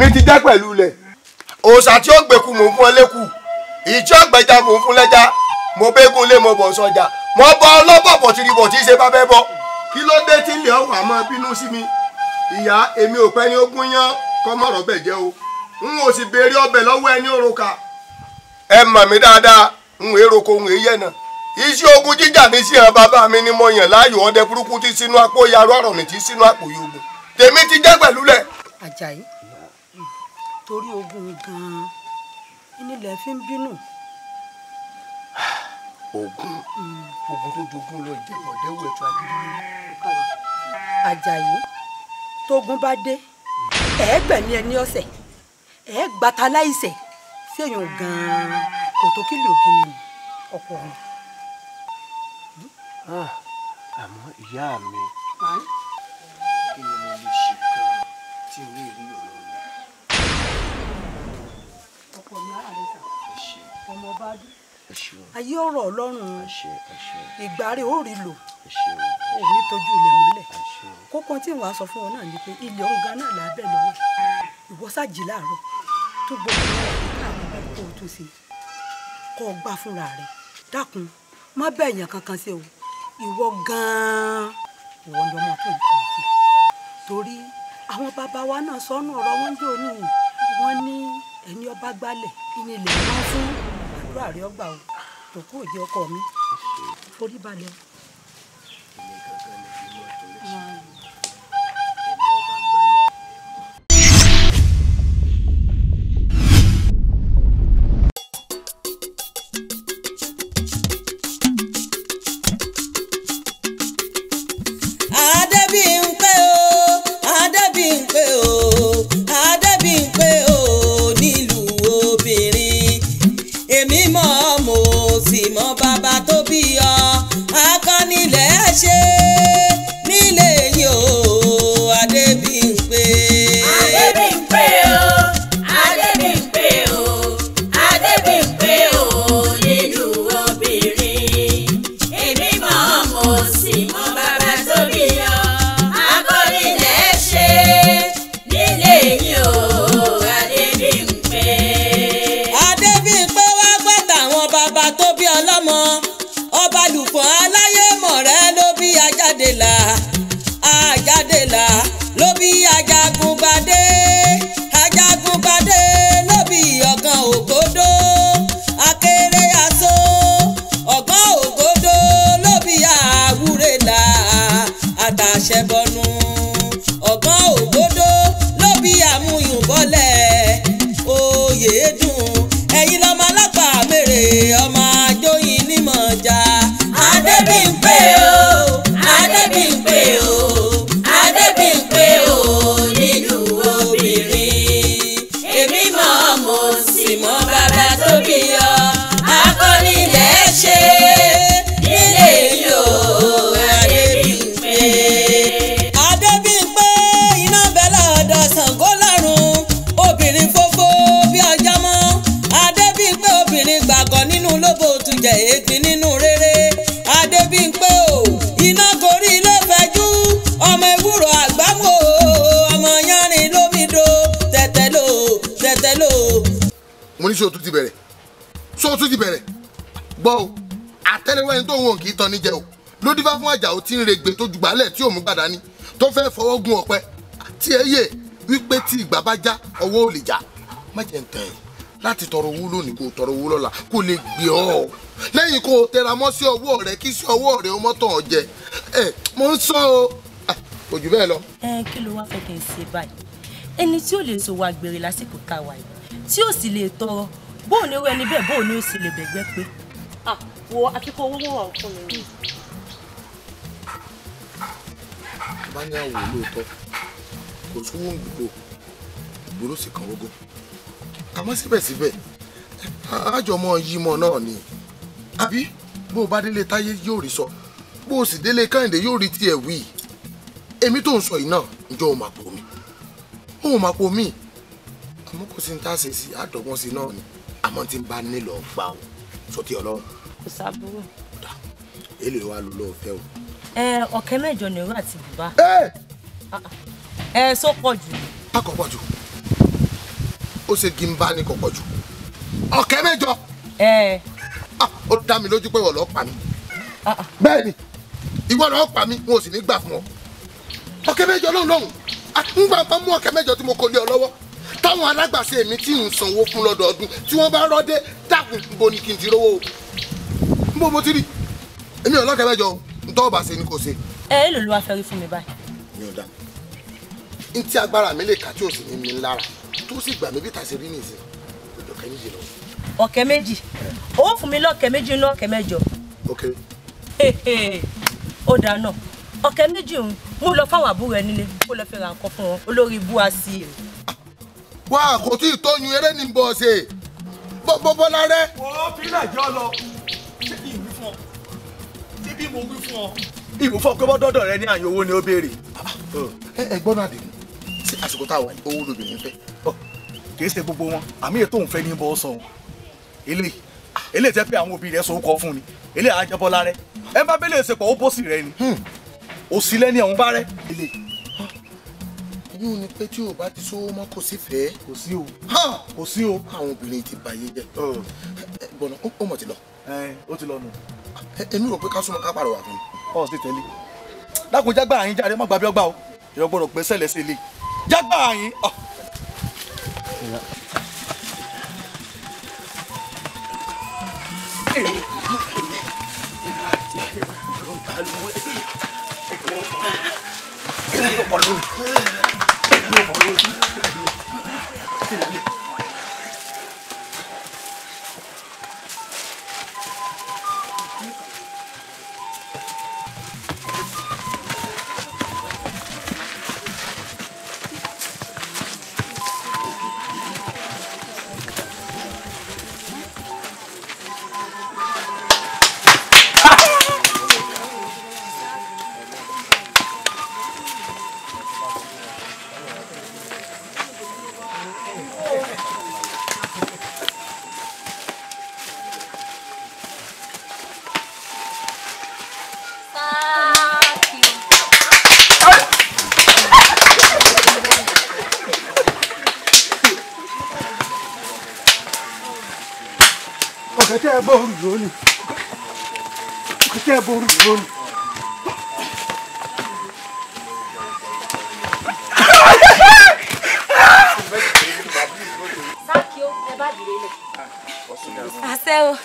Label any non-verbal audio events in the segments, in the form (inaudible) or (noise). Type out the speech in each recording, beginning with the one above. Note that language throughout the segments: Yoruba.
èmi ti dá pẹ̀lú lẹ̀. òòṣà tí ó gbẹ̀kú mò ń fún ẹ lẹ́kù ìjọ gbẹja mò ń fún lẹ́ja mo bẹ́gun lé mo bọ̀ sọjà mo bọ ọlọ́bọ̀ bọ̀tìrìbọ̀ tí í ṣe bá fẹ́ bọ́. kí ló dé tí ilé ọ̀wà máa bínú sí mi ìyá èmi ò pẹ́ ní ogún yán kọ́ mọ̀rọ̀ bẹ̀ jẹ́ o n ò sì béèrè ọbẹ̀ lọ́wọ́ ẹni òrùka. ẹ mọ̀ mí dáadáa n ò èrò kò ń yẹ̀ náà iṣẹ́ ogun jíjà ní sí ẹran bàbá mi ni mo yàn láàyò ọdẹ burúkú tí sínú apó yarọ ọ̀rọ̀ nìtí sínú àpò yogun tèmi ti jẹ́ pẹ̀lú lẹ̀. Àjàyí torí ogun gan-an nílẹ̀ fi ń bínú. ogun hmm. ogun tó jogún lọ jẹ ọ̀dẹ́wò ẹ̀tọ́ adúlé. Àjàyí tógun bá dé ẹ̀ẹ́gbẹ̀mí ẹni ọ̀sẹ̀ ẹ̀ẹ́gbàtà láìsẹ̀ séèyàn gan-an kò tó kí lè òbí mi ọ̀pọ̀ mi. Ah, àmọ́ ìyá mi kí ni mo lè ṣe gan-an tí n lè rí ọ̀rọ̀ ọkọ mi àrẹsà ọmọ bá dùn ayé ọ̀rọ̀ ọlọ́run ìgbàre ó rí lò ó ní tọ́jú ilẹ̀ mọ́lẹ̀ kókó tí wàá sọ fún ọ náà ni pé ilẹ̀ ọ̀gá náà lábẹ́ lọ́wọ́ ìwọ ṣáàjì láàárọ̀ tó gbogbo ọ̀rọ̀ káàkiri bá kó o tó ṣe kọ́ ọ gbá fúnra rẹ̀ dákun má bẹ́ẹ̀ yàn kankan ṣe o ìwọ gan-an ìwọ ni ọmọ tó ń kàn sí torí àwọn bàbá wa náà sọnù ọ̀rọ̀ wọn jò ní wọn ní ẹni ọba gbálẹ̀ ìní ilẹ̀ máa fún àdúrà rẹ̀ ọgbà o tòkú òjì ọkọ mi forí balẹ̀ o. gbèrègbè tó jùgbálẹ̀ tí òun gbàdá ni tó fẹ́ fọwọ́ gun ọ̀pẹ tí ẹ wípé tí ìgbà bá já ọwọ́ ò lè já má jẹ́ nǹkan láti tọrọ owó lónìí kó tọrọ owó lọ́la kó lè gbé ọ lẹ́yìn kó o mọ́ sí ọwọ́ rẹ kí sí ọwọ́ rẹ o tàn jẹ ẹ mo ń sọ o ah, kò jù bẹ́ẹ̀ lọ. ẹ kí ló wá fẹ́ kí n ṣe báyìí ẹni tí ò lè so wa gbèrè lásìkò táwa yìí tí ò sì lè tọrọ bóun ni ó ẹni bẹ́ẹ̀ bóun ni ó sì lè bẹ̀gbẹ́ pé. Ah, wo akíkó owó wọn fún mi bá ní àwò lóòótọ́ kò sówó gbogbo ìgboro sì kàn ogun àmọ́ síbẹ̀síbẹ̀ àjọmọ yímọ náà ni àbí bó o bá délé táyé yóò rí sọ bó o sì délé káyìndé yóò rí tiẹ̀ wí èmi tó ń sọ yìí náà ǹjọ́ ò máa pò mí ò máa pò mí àmọ́ kò sí ní tá a ṣe sí àdọ́gbọ́n sí náà ni àmọ́ tí ń bá nílò ọ̀gbà o sọ ti ọlọ́run. kò sábúrò. èlé wa ló lọ́ọ́ fẹ́ o ọ̀kẹ́ mẹ́jọ ni òru àti bùbá. ẹ sọ pọ̀ jù. a kò pọ̀ jù ó ṣe gimba ni kò pọ̀ jù ọ̀kẹ́ mẹ́jọ. Ah, ó dá mi lójú pé ìwọ ló pa mí ah, ah. bẹ́ẹ̀ ni ìwọ ló pa mí wọn ò sì ní gbà fún ọ ọ̀kẹ́ mẹ́jọ lóhùn lóhùn àtúngbà bá mú ọ̀kẹ́ mẹ́jọ tí mo kò lé ọ lọ́wọ́ táwọn alágbàṣe mi tí ń sanwó fún lọ́dọọdún tí wọ́n bá rọ́dé dákun bo ni kí n ti rówó o n bò mo ti rí èmi ò mẹ́jọ o ntọ́ bá ṣe ni kò ṣe. ẹ ẹ lòlú wa fẹ́ rí fún mi báyìí. mi ò dá n tí agbára mi lè kà tí ò sì ní mi lára tó sì gbà mí bí tàṣe rí nìyí ọjọ́ kẹ́yìn yìí lọ. ọ̀kẹ́ méjì owó fún mi lọ́ọ̀kẹ́ méjì inú ọ̀kẹ́ mẹ́jọ. ok. ó dáa náà ọ̀kẹ́ méjì òun mú lọ fáwọn àbúrò ẹ nílé kó lọ fi ra nǹkan fún wọn olórí ibú àṣì rẹ. wá kò tí ì tóyún eré ní bọ́ọ̀ṣe bọ́bọ́bọ́lá rẹ. wọ́n fi lẹ́jọ́ lọ bí mo wí fún ọ. ìwúfọ́ pé bọ́dọ̀dọ̀ rẹ ní àyè owó ni ó béèrè. ẹ gbọ́dọ̀ àdéhùn sí àsìkò táwọn owó lóbìnrin fẹ́ kì í ṣe gbogbo wọn àmì ètò òun fẹ́ ní bọ́ sọ eléyìí eléyìí tẹ́ pé àwọn òbí rẹ̀ sọ̀kọ́ fún ni eléyìí àjẹbọ́lá rẹ̀ ẹ bá bẹ́lẹ̀ ṣe pọ̀ ó bọ́sì rẹ̀ ni òsì hmm. lẹ́ni ọ̀hún bá rẹ̀. yóò ní pé tí o bá ti sówó mọ́ kò sí fẹ́. kò sí o kò sí o. àwọn obìnrin ti bàyè jẹ́ gbọ̀nà ó mọ̀ ti lọ. ó ti lọ nù èmi rò pé ká súnmọ́ ká pàrọwà fún mi. ọ sì tẹ́lẹ̀ dákun jágbá àyín jáde má gbàbí ọgbà o ìyọ gbọ́dọ̀ pé sẹ́lẹ̀ sí ilé jágbá àyín. Thank you. Marcel.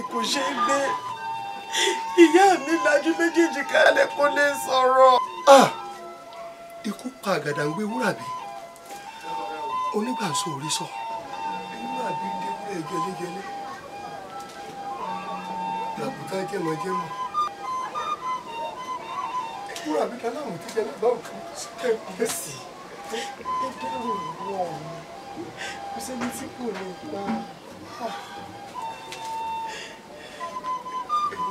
ni kò ṣe é gbé ìyá mi lajú méjèèjì kalẹ̀ kó lè sọ̀rọ̀. ikú pa àgàdà ń gbé wúràbí onígbàsó orí sọ wúràbí débúrẹ́ jẹlẹ́jẹlẹ́ làbùtà jẹmọjẹmọ wúràbí kaláwọn tí jẹ lábá òkú síkẹ̀kùn sí i. ẹ dárò ìwọ ọ̀hún kò sẹ́ni tí kò lè pa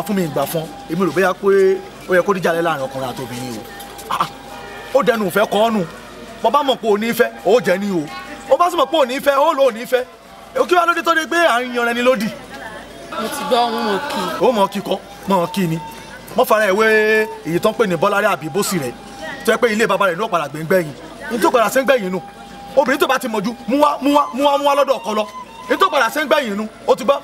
ìgbà fún mi ìgbà fún èmi rò bẹ́yà pé ó yẹ kó díjà lẹ́ láàrin ọkùnrin àti obìnrin o ah, ó dẹnu ìfẹ́ kọ́ ọ́nù bàbá mọ̀ pé ò ní fẹ́ ó jẹ́ ní o ó bá sì mọ̀ pé ò ní fẹ́ ó lò ó ní fẹ́ òkè wa lóde tó dé pé à ń yanra ẹni lódì. mo ti gbọ́ wọn mọ̀ kí. ó mọ̀ kí kọ́ mọ̀ kí ni mo fara ìwé èyí tó ń pè ní bọ́lárí àbí bósì rẹ̀ tó yẹ pé ilé bàbá rẹ̀ ní ọ̀padà gbẹ̀ngbẹ̀yìn ní tó padà sí gbẹ̀yìn nù obìnrin tó bá ti mọ̀jú mú wá mú lọ́dọ̀ ọkọ lọ ní tó padà sí gbẹ̀yìn nù ó ti gbọ́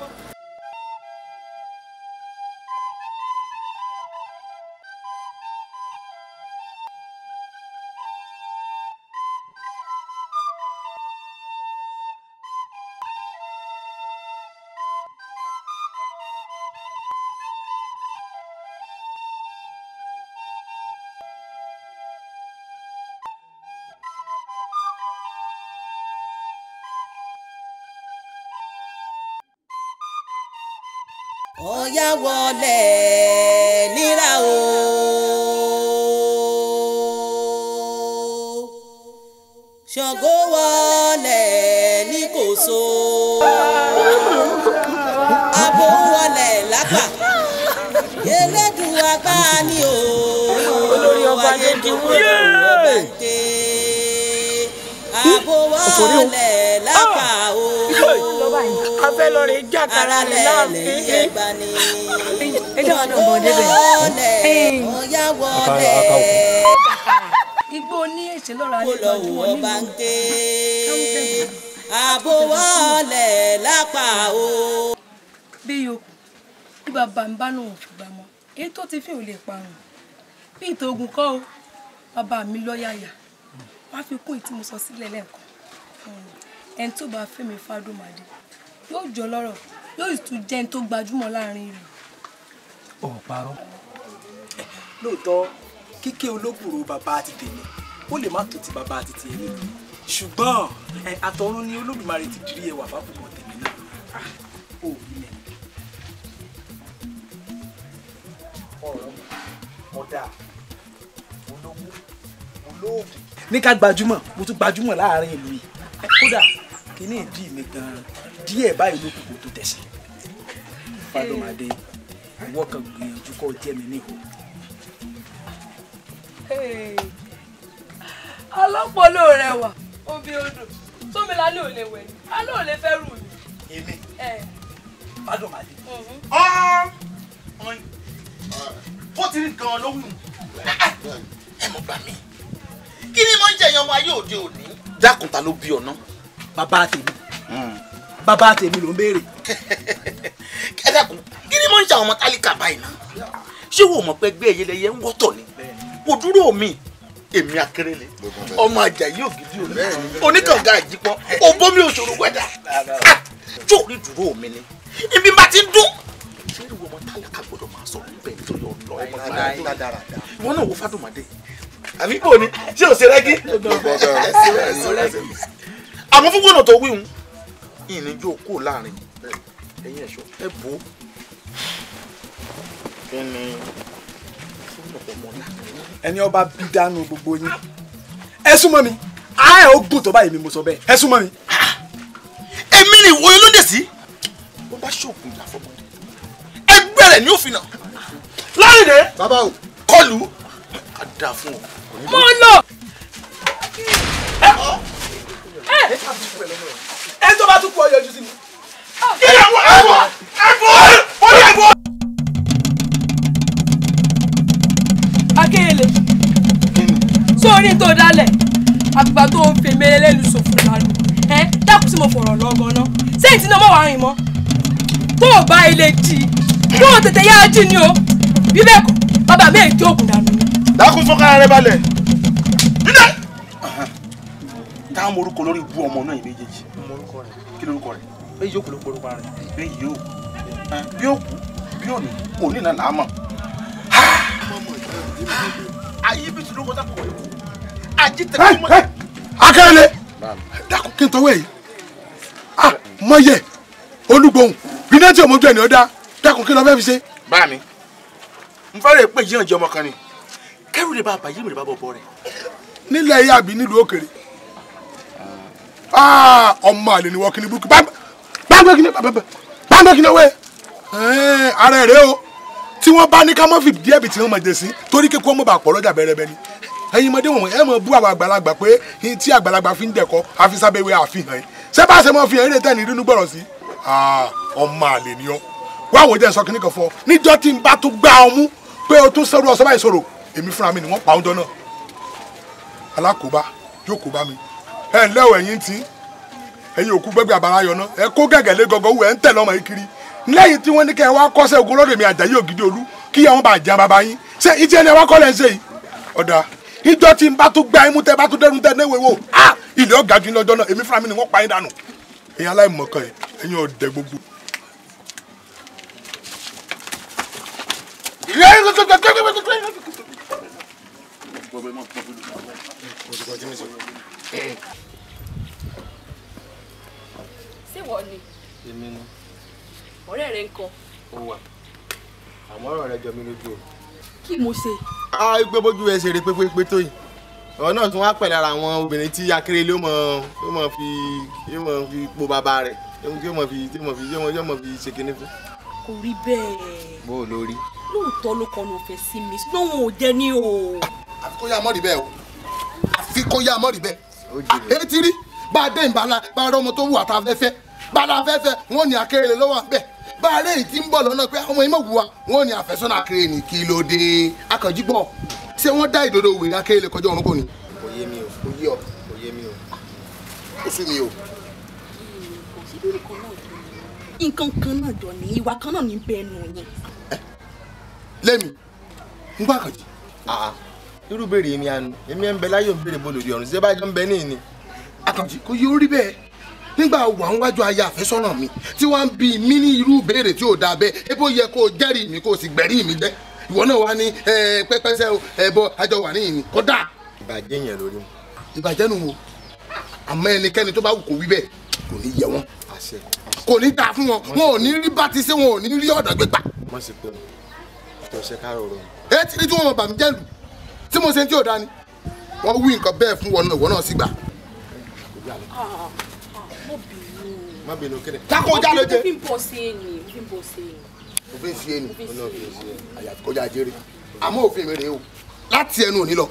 ọ̀yá wọlé níra o. Ṣàngó wọlé ní Kòso. Abo wọlé lápá. Elédùn apá ni o. Olórí ọba yẹn ti wúlò. Abo wọlé fẹ́ lọ rí jàkàrà lẹ̀ náà fi ní. ẹ jẹ́ wọn náà mọ̀ débẹ̀. ọ̀yá wọlé igbó ní èsì lọ́ra ní ìlú ọ̀nìmọ̀ àbò wọlé lápá o. bí yòókù bí bàbá ń bá lòun fi gbà mọ èyí tó ti fi ò lè parun bí ìtòògùn kọ́ o bàbá mi lọ́yàyà wá fi kún ìtí mo sọ sílẹ̀ lẹ́ẹ̀kan ẹni tó bá fẹ́mi fádùn màdé yóò jọ lọ́rọ̀ yóò sì tún jẹ́ tó gbajúmọ̀ láàrin ìlú. ọ̀ parọ́. lóòótọ́ kíké olókùrò bàbá àti tèmi ó lè má tó ti bàbá àti tèmi ṣùgbọ́n àtọ̀run ni olódùmarè ti dirí ẹwà fábùkọ̀ tèmi náà ó ah, ilẹ̀. ọ̀rọ̀ ọ̀dà olówó olóògùn. ní ká gbajúmọ̀ mo tún gbajúmọ̀ láàrin ìlú yìí kódà kíní ìdí mi gan díẹ̀ báyìí ló kùkù tó tẹ̀sí fàdọ́màdé ìwọ kan gbìyànjú kọ́ jẹ́ mi níhò. ọlọ́pọ̀lọ́ rẹ wà omi odò tómi lálẹ́ ò lè wẹ̀ ní alẹ́ lè fẹ́ rù mí. èmi fàdọ́màdé mm-hmm. bó ti rí gan ló wù ẹ mọ̀ gbà mí kí ni mo ń jẹ̀yàn ọmọ ayé òde òní. dákun ta ló bí ọ náà bàbá tèmi bàbá tèmi ló ń béèrè. (laughs) ẹ dákun kí ni mo ń ṣe àwọn ọmọ tálíkà báyìí náà ṣé wò mọ̀ pé gbé eyelẹyẹ ń wọ́tọ̀ ni kò dúró mi èmi akérèlé ọmọ àjàyí ògidì òní oníkànga àjípọ̀ òbómi òṣòro gbẹ́dà jóòrí dúró mi ni ibi bá ti dún ṣé ìwọ ọmọ tálíkà gbọdọ̀ máa sọ̀rọ̀ níbẹ̀ nítorí ọ̀nà ọmọ ìgbà ìwọ náà wo fádùmọ̀dé àbí bò ni ṣé ò ṣe rẹ́gí àmọ́ fún gbọ́dọ̀ tó wíhun ìrìn yóò kó láàrin ẹ̀yin ẹ̀ṣọ́ ẹ bò ó. ẹni ẹni ọba bí dánú gbogbo yín ẹ súnmọ́ mi àá ẹ̀ ó gùn tó báyìí mi mo sọ bẹ́ẹ̀ ẹ súnmọ́ mi. èmi ni ìwòye ló dé sí. bó bá ṣoògùn ìyá fọmọdé ẹgbẹ́ rẹ̀ ni ó fi nà. láìdé bàbá o kọlù á dà fún ọ. mo lọ. ẹ ọ ẹ tó bá tún kú ọyọ ojú sí mi. ìyàwó ẹ̀fọ́ ẹ̀fọ́ ó ní ẹ̀fọ́. akéèlè sórí tó dálẹ̀ àgbà tó ń fè mẹ́rẹ́ ṣòfò lánàá ẹ dákun sí mo fọ̀rọ̀ lọ́gán náà sẹ́yìn tí náà mọ̀ wá rìn mọ́ tó o bá ilé jí tó o tètè yára jí ni o bí bẹ́ẹ̀ kọ́ bàbá mi èké òkun dànù. dákun fọkàn rẹ balẹ̀. táwọn morúkọ lórí ibú ọmọ náà yìí méjèèjì. morúkọ rẹ kí lorúkọ rẹ. bẹ́ẹ̀ yóò kú ló porúkọ rẹ. bẹ́ẹ̀ yóò bí ó kú bí ó ní kò ní ìlànà àmọ́. ayé bí tìlú kọjá kọkọ yìí kú ajé tẹ̀lé mọ́. akẹ́lẹ́ dákun kí n tọwọ́ yìí ah mọ̀yẹ olúgbòhùn bí náà tí ọmọ ojú ẹ̀ ní ọ dá dákun kí lọ fẹ́ fi ṣe. bá mi n fẹ́ rẹ̀ pé jíyànjẹ ọmọ kan ni kẹ́rù lè bá bàyí mi lè bá bọ̀ bọ̀ rẹ̀. nílẹ̀ yàbí nílùú òkèrè Ah, ọmọ àlè ni wọ́n kí ni burúkú báńgbé kí ni báńgbé kí ni owó ara rẹ o tí wọ́n bá ní ká mọ́ fìdí ẹ̀bì tí wọ́n mọ̀ jẹ sí torí kíkọ́ mọ̀ bá pọ̀ lọ́jà bẹ́rẹ́bẹ́rẹ́ ni ẹ̀yin ọmọdé wọn ẹ mọ̀ bú àwọn àgbàlagbà pé tí àgbàlagbà fi ń dẹ̀kọ́ àfisábẹ́wé àfihàn ṣé bá ṣe mọ̀ fi hàn eré tẹ́ni rínú gbọ́rọ̀ sí ah, ọmọ àlè ni ọ́ wá wò jẹ́ sọ kíní kan fún ọ níjọ́ tí n bá tún gbá ọ mú pé o tún sọ́rọ́ ọ̀sọ́ báyìí sọ̀rọ̀ èmi fúnra mi ni wọ́n pa ọ́n jọ náà alákòóbá yóò kó bá mi ẹ ǹlẹ́ o ẹ̀yin tí ẹ̀yin òkú gbẹ́gbẹ́ àbára yọ náà ẹ kó gẹ̀gẹ̀ lé gọ́gọ́ wù ẹ ń tẹ̀lé ọmọ yìí kiri lẹ́yìn tí wọ́n ní kẹ́ ẹ wá kọ́sẹ́ ogun lọ́dọ̀ mi àjàyí ògidì olú kí àwọn bá jẹ́ bàbá yín ṣé ìtí ẹni ẹ wá kọ́ lẹ́ ń ṣe yìí ọ̀dà ìjọ tí n bá tún gbá imú tẹ bá tún dẹnu tẹ níwèé wò á ilé ọ̀gá jù lọ́jọ́ náà èmi fúnra mi ni wọ́n pa yín dànù ẹ̀yin aláìmọ̀kan ẹ̀ ẹ̀yin ọ̀dẹ gbogbo. Gracias ṣé wọ́n ni. èmi ni. ọ̀rẹ́ rẹ ń kọ. ó wà àmọ́ ọ̀rọ̀ rẹ jọ mí lójú o. kí mo ṣe. a gbé bójú ẹ ṣeré pépépé tó yìí ọ̀rọ̀ náà tún wá pẹ̀lú ara àwọn obìnrin tí akérèlé ó mọ ó mọ fi ó mọ fi po bàbá rẹ̀ yóò fi yóò mọ fi yóò mọ fi ṣe kinní fún. kò rí bẹ́ẹ̀. o lórí. lóòótọ́ ló kọ́ ló fẹ́ sí mi ṣùgbọ́n òun ò jẹ́ ní o. àfi kó yá mọ́rì bẹ́ẹ̀ o àfi kó yá mọ́rì bẹ́ẹ̀. etí rí bá a dé ìbára a ọmọ tó wù àtà afẹ́fẹ́ a wọn ni ní akérèlé lọ́wọ́ àbẹ́ èyí tí ń bọ̀ lọ́nà pé ọmọ wọn ni àfẹ́sọ́nà akérè ní kí ló dé akànjí ṣé wọ́n dá ìdodo wèrè akérèlé mi o oye mi o kò mi o. nǹkan kan náà ní ìwà kan náà ní bẹ́ẹ̀ nù yẹn. lẹ́mi ń gbọ́ irú béèrè èmi àánú èmi ẹ̀ ń bẹ láyé òun béèrè bó lòdì ọ̀run ṣé bá jọ ń bẹ ní ìní. àkànjì kò yí orí bẹ́ẹ̀ nígbà wà ń wájú aya àfẹ́sọ́nà mi tí wọ́n ń bi mí ní irú béèrè tí ò dáa bẹ́ẹ̀ ebó yẹ kó o jẹ́rìí mi kó o sì gbẹ̀rí mi jẹ́ ìwọ náà wá ní pẹ́pẹ́sẹ́ ẹbọ àjọ wà ní ìní kódà. ìbàjẹ́ yẹn lórí mu. ìbàjẹ́ nu wo àmọ́ ẹnikẹ́ni tó bá wù kó wí bẹ́ẹ̀ kò ní yẹ wọn kò ní dáa fún wọn wọn ò ní rí bá ti ṣe wọn ò ní rí ọ̀dọ̀ gbégbá. mọ̀ sí pé mo ṣe ká rọrùn. ẹ ti ní tí wọ́n mọ̀ tí mo ṣe tí ò dá ni wọ́n wí nǹkan bẹ́ẹ̀ fún wọn náà ìwọ náà sì gbà. má bínú kéde. tako jáde jẹ. òfin bọ̀ sí ẹni òfin bọ̀ sí ẹni. òfin sí ẹni àyàfi kọjá ajéré àmọ́ òfin mi rèé o láti ẹnu òní lọ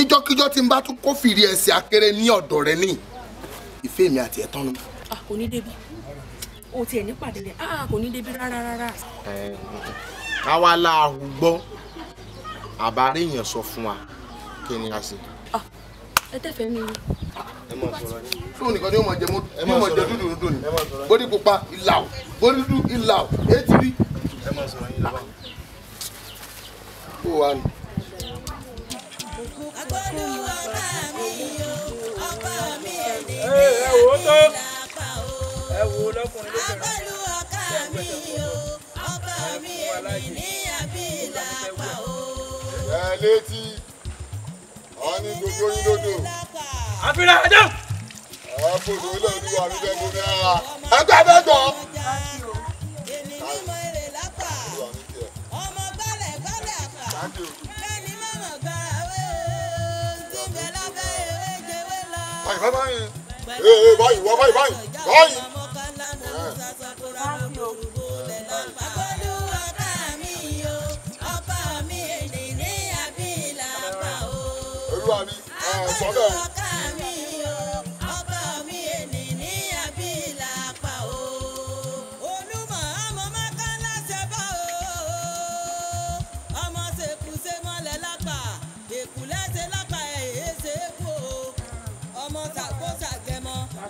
ìjọkíjọ tí n bá tún kófìrí ẹsẹ̀ akéré ní ọ̀dọ̀ rẹ ní ìfẹ́ mi àti ẹ̀tọ́ nu. kò ní débi o tiẹ̀ ní pàdé rẹ̀ a kò ní débi rárá rárá. ká wá láàrú gbọ́ àbá rí èèyàn sọ fún wa kí ni a ṣe. ẹ tẹ́fẹ̀ẹ́ mi ni. fún nìkan ni yóò máa jẹ yóò máa jẹ dúdú dúdú ni bódì pupa ìlà o bódì dúdú ìlà o èyí rí. kó wa ni. agbóhùn ọba mi ọba mi ẹni ní àbí làbà o o ẹ létí àwọn ní gbogbo yín lódò. àfihàn àjọ. ẹ fòdò ilé olúwa mi fẹ́ bomi ara ẹgbẹ́ bẹ́ẹ̀ gbọ́. báyìí báyìí báyìí báyìí báyìí báyìí. sọ bẹ́ẹ̀ o.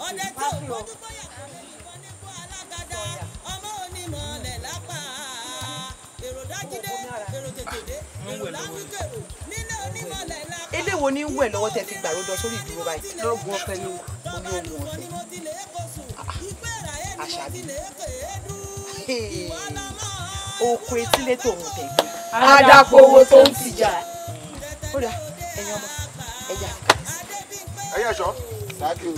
ọdẹ tó bójú bóyá kọ́lé ìbọn ní kó alágadá ọmọ onímọ̀ọ́lẹ̀ lápá èrò dájídé èrò tètèdé èrò láwùjọ èrò nílé onímọ̀ọ́lẹ̀ wo ní wẹ̀ lọ́wọ́ tẹ fi gbàrúdọ sórí ìdúró báyìí. lọ́gùn ọ̀fẹ́ ló wà ní ogun ah, ọ̀fẹ́. àṣàbí oko etílé tòun tẹ̀ gbé. àdàpọ̀ tó ń tìjà. ó dà ẹ̀yin ọmọ ẹ̀yà kàkẹ́sì. ẹ̀yin ṣáàkì o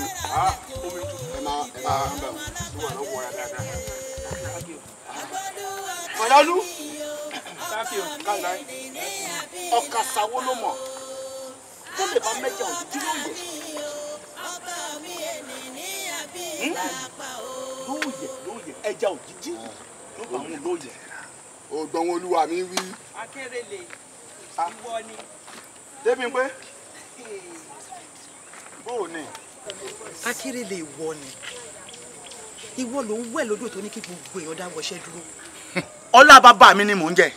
omi tu ẹ̀ máa ẹ̀ máa ń bẹ̀ wọ́n ló wọ̀ ẹ́ dáadáa. ọ̀yálú ṣáàkì o kàńdá ló mọ̀ tó lè bá mẹ́jà òun kí ló yẹ. ló yẹ ló yẹ ẹja òjijì ló bá wọn ló yẹ. ògbọ́n olúwa mi wí. akérèlè ìwọ ni. débi pé bó o ní. akérèlè ìwọ ni ìwọ ló ń wẹ̀ lódò tó ní kí gbogbo èèyàn dá wọṣẹ́ dúró. ọlá bàbá mi ni mò ń jẹ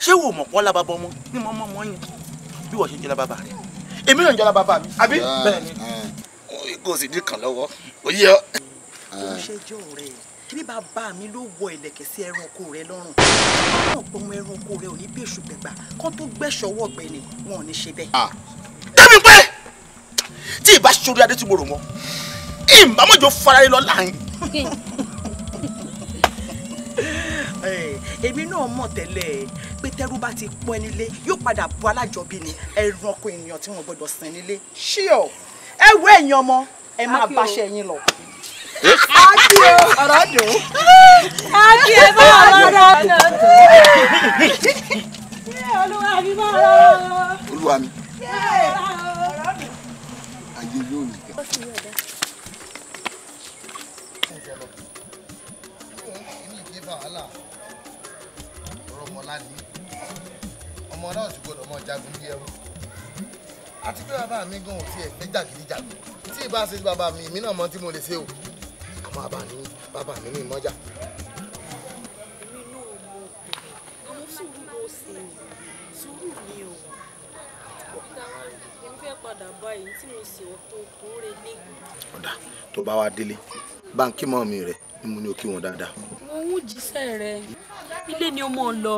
ṣé wò mọ̀ ọlá bàbá ọmọ ni mo mọ̀ mọ́ yín bí wọ́n ṣe jẹ́ ọlá rẹ̀ èmi náà ń jọra bàbá mi àbí bẹ́ẹ̀ ni. kò sì dín kan lọ́wọ́ o yẹ ọ́. ó ṣẹjọ́ rẹ̀ ní bàbá mi ló wọ ìlẹ̀kẹ̀ sí ẹranko rẹ lọ́rùn náà pọ̀ mọ́ ẹranko rẹ ò ní bí èṣù gbẹ̀gbà kán tó gbẹ̀ṣọwọ́ ọ̀gbẹ́ni wọn ò ní ṣe bẹ́ẹ̀. dábì ah. pé tí ìbá ṣorí adé tí mo rò mọ́ ìbámọ́jọ faraye lọ láàyè. (laughs) Eh, èmi náà mọ̀ tẹ́lẹ̀ pé tẹ́rú bá ti pọ́n nílé yóò padà bu alájọbí ni ẹranko ènìyàn tí wọ́n gbọ́dọ̀ sìn nílé ṣíọ̀ ẹ wọ ẹ̀yìn ọmọ ẹ máa báṣẹ yín lọ. Aki eh? o. Ọ̀rọ̀ dùn. Aki ẹ bá ọ̀rọ̀ rẹ̀. Olúwa mi bá ọ̀rọ̀ rẹ̀. Olúwa mi. Ayé yóò nìkan. wàhálà ọ̀làdí ọmọ náà sì gbọdọ̀ mọ jagun bí ẹrú àti pé bàbá mi gan ò tiẹ̀ fẹ́ jàgídíjàgùn tí ìbá ṣe bàbá mi èmi náà mọ tí mo lè ṣe o àmọ́ bàbá mi ní ìmọ́jà. mo àwọn mo ṣe ọ̀tọ̀ tó bá wa délé báńkì mọ́ mi rẹ̀ ni mo ní o kí wọn dáadáa. mo ń jíṣẹ́ rẹ̀ ilé ni o mọ̀ ń lọ.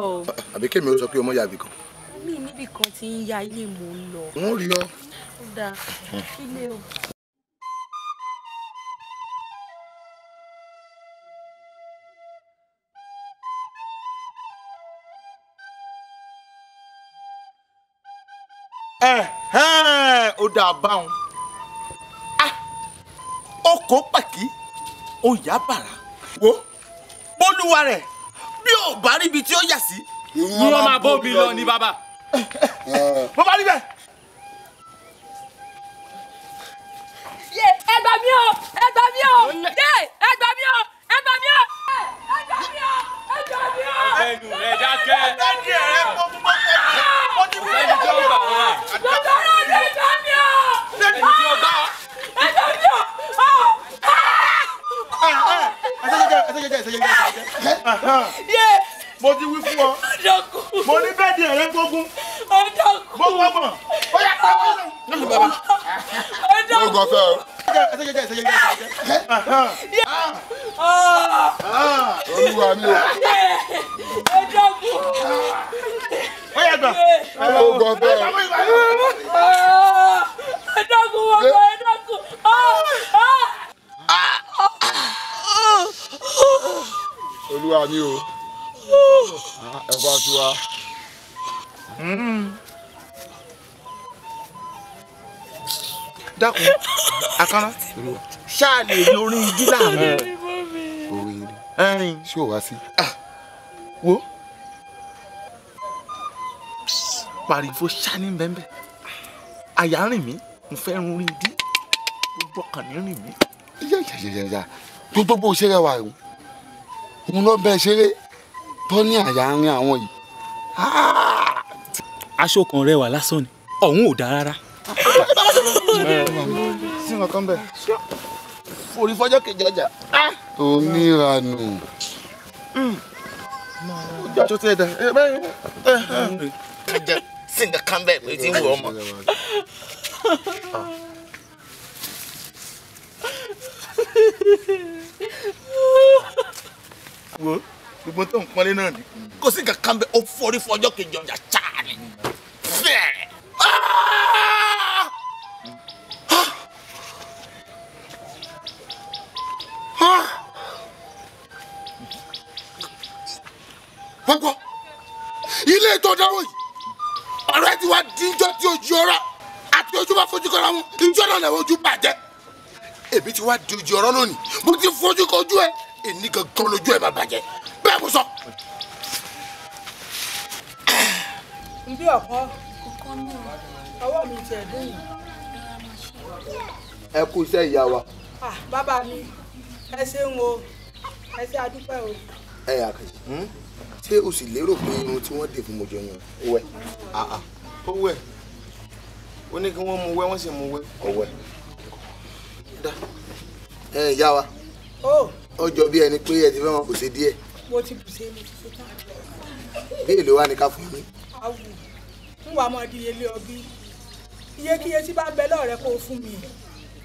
àbí kémi ó sọ pé o mọ̀ yàbí kan. mi níbì kan ti ń ya ilé mò ń lọ. wọ́n rí ọ. ó dáa ilé o. ó dáa báwọn ọkọ̀ ah, pàkí ó yá bàrà wo bólúwa rẹ̀ ò bá ríbi tí ó yà sí. irọ́ máa bóbi lọ ni bàbá. mo bá rí bẹ́ẹ̀. ẹ gbà mí o ẹ gbà mí o ẹ gbà o ẹ gbà o ẹnu rẹ dákẹ́. ẹnu rẹ kọ́ fún bọ́sẹ̀ mi. ó ti bí ẹni tí bá wà. lọ́dọ̀ rẹ̀ lè o. lẹ́nu tí ó bá wà. mo ti wí fún ọ mo ní bẹ́ẹ̀dì ẹ̀rẹ́ gbógun mo wọ́n mọ̀ ó yà pa wọ́n lọ. mo gbọ́ fẹ́ o. olúwa mi o. ó yà gbà. mo gbọ́ fẹ́ o. olúwa mi o ẹ bá tu wa. dákun akọ́nà ṣáàlì èyí orin igi láàmú. orin ẹrin ṣé o wá sí. Ah, wo pariwo ṣáni bẹ́ẹ̀ àyà rìn mí mo fẹ́ rún orin igi gbogbo ọkàn ní rìn mí. gbogbo òṣèré wa rẹ̀ wọ́n òun ló bẹ ṣeré tó ní àyà ń rin àwọn yìí. Ah! aṣọ kan rẹwà lásán ni ọ̀hún ò dáa rárá. sí nǹkan bẹ́ẹ̀ forí fọjọ́ kejì ọjà. oníranù. ojú àjọ tí ẹ dà ẹ sí nǹkan kan bẹ́ẹ̀ pé tí ń wù ọmọ. Ha ha ha wo gbogbo tó ń pọ́nlé náà ni. kò sí nǹkan kan bẹ ó forí fún ọjọ́ kejì ọjà ṣáà ni. fẹ́ẹ̀. Ah! Ah! gbogbo ilé ètò ìdánwò yìí ọ̀rọ̀ ẹ ti wá díjọ́ tí ojú ọ̀rá àti ojú bá fojú kọ́ra wọn ìjọ náà lẹ́wọ́ ojú bàjẹ́ èmi ti wá di ojú ọ̀rọ̀ lónìí mo ti fojú kojú ẹ èní gangan lójú ẹ̀ máa bàjẹ́ bẹ́ẹ̀ mo sọ. ibi ọkọ ọwọ́ mi ti ẹ̀dùn yìí. ẹ kú iṣẹ́ ìyá wa. bàbá mi ẹ ṣeun o ẹ ṣe àdúpẹ́ o. ẹ yà kì í hmm? ṣé o sì lérò pé irun tí wọ́n dè fún mojọ yẹn wẹ̀ ó wẹ̀ ó ní kí wọ́n mu wẹ́ wọ́n sì mu wẹ́ ọ̀wẹ́. ẹ ìyá wa. Oh ó jọ bí ẹni pé ẹ ti fẹ́ wọn kò ṣe díẹ̀. mo ti bù ṣe mo bí èlò wa ni ká fún mi. àwù ń wà mọ́ di ilé ọbí iyekíye tí bá bẹ lọ́ọ̀rẹ́ kó o fún mi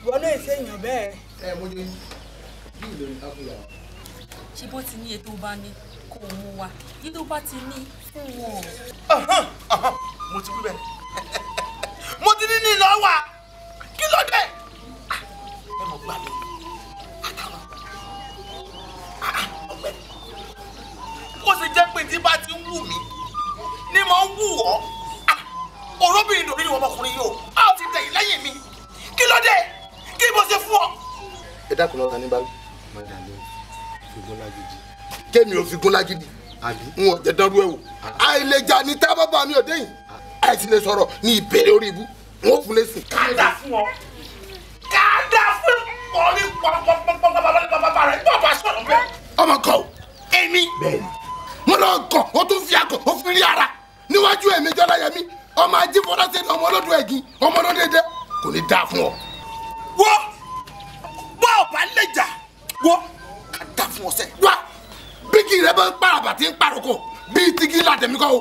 ìwọ náà èsì èèyàn bẹ́ẹ̀. ẹ mo ní bí èlò ni ká fún yàrá. ṣé bó ti ní ètò bá ní kó o mú wa yìí tó bá ti ní fún wọn. mo ti wí bẹ́ẹ̀ (laughs) mo ti ní ní ìlọ wa kí ló dé ah, ẹ mọ̀ gbà ọ̀gbẹ́ni ó sì jẹ́ pé tí bá ti ń wù mí ni mo ń wù ọ́ olóbìnrin ah, lórí ọmọkùnrin yìí o a ò ti tẹ̀yìn lẹ́yìn mi kí ló dé kí mo ṣe fún ọ. ẹ dákun lọ́ta ní báyìí má dà ní fìgún lágídí. kémi ò fìgún lágídí n ò jẹ dánrú ẹ o ah. àìlèjà ni tá a bá bá mi ò déyìn àìsí ah. lè sọ̀rọ̀ ní ìbéèrè orí ibú n ó fún lè ká dà fún ọ ká dà fún ọ mọ orí pọnpọnpọnpọnpọnpọnpọ rẹ nígbà bá sọ̀rọ̀ bẹ́ẹ̀. ọmọ kọ èmi mo lọ kàn ó tún fi akọ ó fi rí ara níwájú èmi jọláyẹmí ọmọ ajífọ́lásẹ́ ni ọmọ olódò ẹ̀gìn ọmọ olódò ẹ̀dẹ́ kò ní dáa fún ọ. wọ́ bọ́ ọ̀bá lè jà wọ́ ká dá fún ọ sẹ́. wá bíkì rẹ bá ń pàràbà tí ń pàrọ̀kọ bíi tigi ládẹ́mí kọ́ o.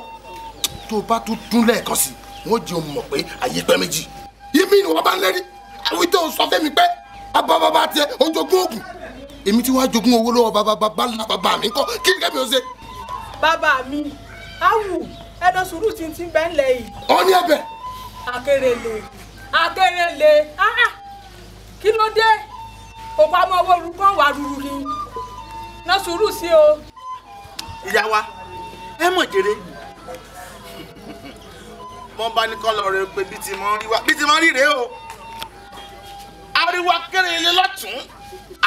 tó o bá tún dún lẹ́ẹ̀kan sí i wọ́n jẹ́ mọ̀ pé àyè pẹ́ méjì. yìí mi ni wọ́n bá ń lérí àwítẹ́ o sọ fẹ́mi pé abábábá tiẹ̀ ó ń jogún oògùn èmi tí wàá jogún owó lọ́wọ́ bàbá bàbá ńlá bàbá mi kọ́ kí ni kẹ́mi ò ṣe. bàbá mi awù ẹnu sùúrù tí n ti bẹ́ẹ̀ lẹ̀ yìí. ọ ní ẹ̀bẹ̀. akérèlé akérèlé ah, ah. kí ló dé òkú àmọ́ owó orúkọ wà rúru ni náà sùúrù sí o. ìyá wa ẹ mọ̀ jèrè mọ́ bá ní kọ́ lọ́ọ́ rẹ pé bí ti mọ́ rí wa bí ti mọ́ rí rèé o ariwo akérèlé lọ́tún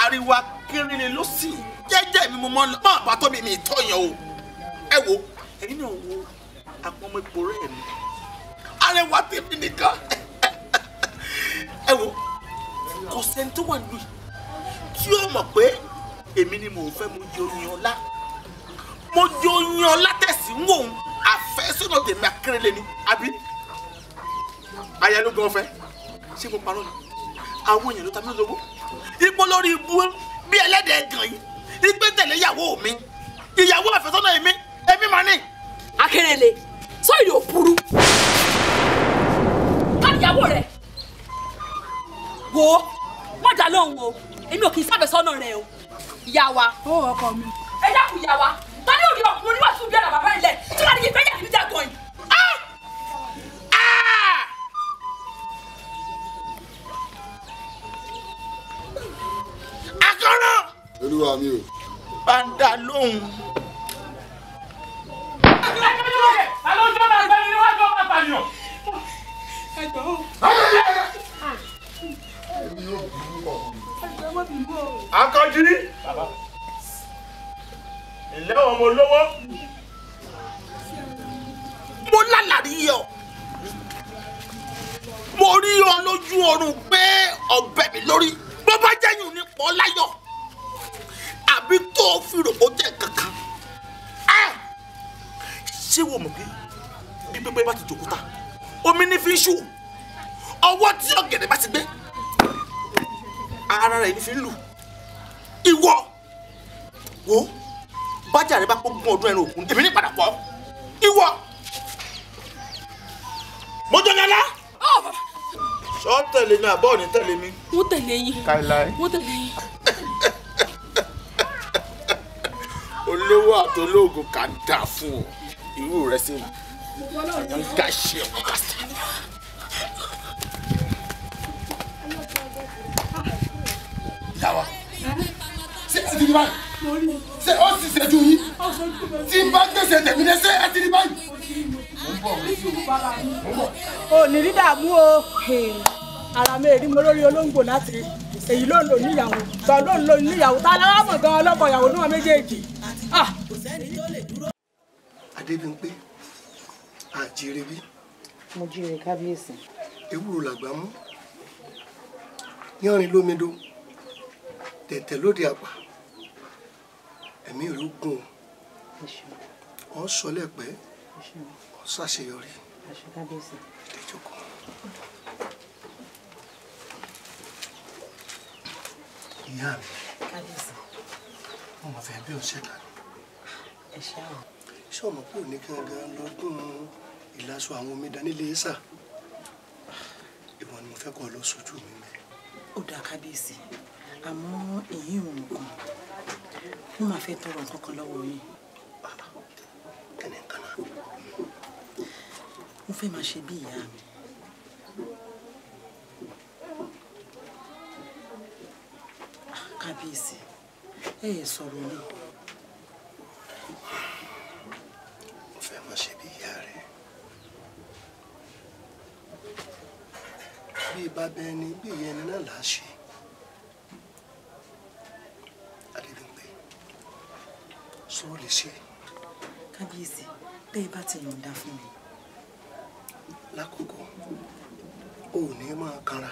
ariwo akérèlé lọ́sì jẹ́jẹ́ mi mo mọ́ mọ́ àbátọ́ mi mi tọ́ yẹn o ẹ wo ẹ̀yin náà wo àwọn ọmọ ipò rẹ̀ mi arẹwà tèmi nìkan ẹ wo kò sẹ́ni tó wà lù yìí tí ó mọ̀ pé èmi ni mò ń fẹ́ mo jẹ oyin ọlá mo jẹ oyin ọlá tẹ̀sí ń wò ó àfẹ́sọ́nà tèmi akérèlé ni àbí ayélujára ṣé mo parọ́ ni àwọn èèyàn ló ta mí lówó ipò lórí ibú bí ẹlẹ́dẹ̀ gàn yìí ipe tẹ̀lé ìyàwó mi ìyàwó àfẹ́sọ́nà èmi èmi mà ní. akérèlé sọ èdè òpuru ká ìyàwó rẹ wo wọn dà lóhùn o èmi ò kì í sábẹ́sọ́nà rẹ o ìyá wa. ó ọkọ mi. ẹ dákun ìyá wa tani ò rí ọkùnrin oníwàásù bí ọ̀nà bàbá ilẹ̀ tí wọ́n á ní kí fẹ́ yà kí n jà gan yìí. olúwa mi o. bá ń dá lóhùn. àlọ́jọ́ máa gbẹ́ni níwájú ọmọ àpàlìyàn. ẹ̀jọ̀ o. èmi yóò bínú mọ̀. ẹ̀jọ̀ mo bínú o. akọ́jú. ilé ọmọ olówó. mo lálàrí yọ mo rí ọ lójú oorun pé ọbẹ mi lórí bó bá jẹyìn ní pọ láyọ̀ àbí tó fi rògbò jẹ́ kankan ṣé wo mọ̀ pé bí pépé bá ti jòkúta omi ní fi ń ṣù ọwọ́ tí ọ̀gẹ̀dẹ̀ bá ti gbé ara rẹ̀ ní fi ń lù ìwọ wo bájà rẹ bá kó gún ọdún ẹnu òkun èmi ní padà pọ̀ ìwọ mọ́jọ́gálá. Oh! sọ tẹ̀lé mi àbọ̀ ní tẹ̀lé mi. wọ́n tẹ̀lé yín. kàìláì. wọ́n tẹ̀lé yín. olówó àtolóògùn kà ń dà fún ọ irú rẹ sí ni àyàn ń gà ṣe ọmọ pásítà. yàwá ṣé ẹ ti di báyìí ṣé ó sì ṣe ju yín tí n bá gbèsè tèmi lé ṣé ẹ ti di báyìí. o ní rí dààmú o ara mi èrí mo lórí olóńgbò láti èyí ló ń lò níyàwó gbọ́n ló ń lò níyàwó tá a lọ́wọ́ mọ̀ gan ọlọ́kọ̀ ní wọn méjèèjì kò sẹ́ni tó lè dúró. adébímpé àjèrè bí. mo jíire kábíyèsí. ewúro làgbà mú yanrìn lómido tẹ̀tẹ̀ lóde àpà ẹ̀mí ìlú gùn ọ sọlẹ̀ pé ọ ṣàṣeyọrí ìdẹ́jọ́kọ. ìyá mi mo mọ̀ fẹ́ bí ọ̀sẹ̀ kan ẹ ṣe àwọn. ṣé ọmọ kúrò ní gangan lọ́dún ìlàsọ àwọn omidan nílé sà ìwọ ni mo fẹ́ kọ́ lọ sójú mi mẹ́. ó dáa kábíyèsí àmọ́ èyí ò nǹkan mo máa fẹ́ tọrọ nǹkan kan lọ́wọ́ yín. kẹ́ni kan náà. mo fẹ́ máa ṣe bí ìyá mi. Ah, kábíyèsí ẹ yẹ sọ̀rọ̀ náà. bá bẹ ẹni bí ìyẹn ẹni náà là á ṣe Adédùngbé sọ̀rọ̀ lè ṣe. kábíyèsí bẹ́ẹ̀ bá ti yọ̀ǹda fún mi. lákòókò o ò ní máa kanra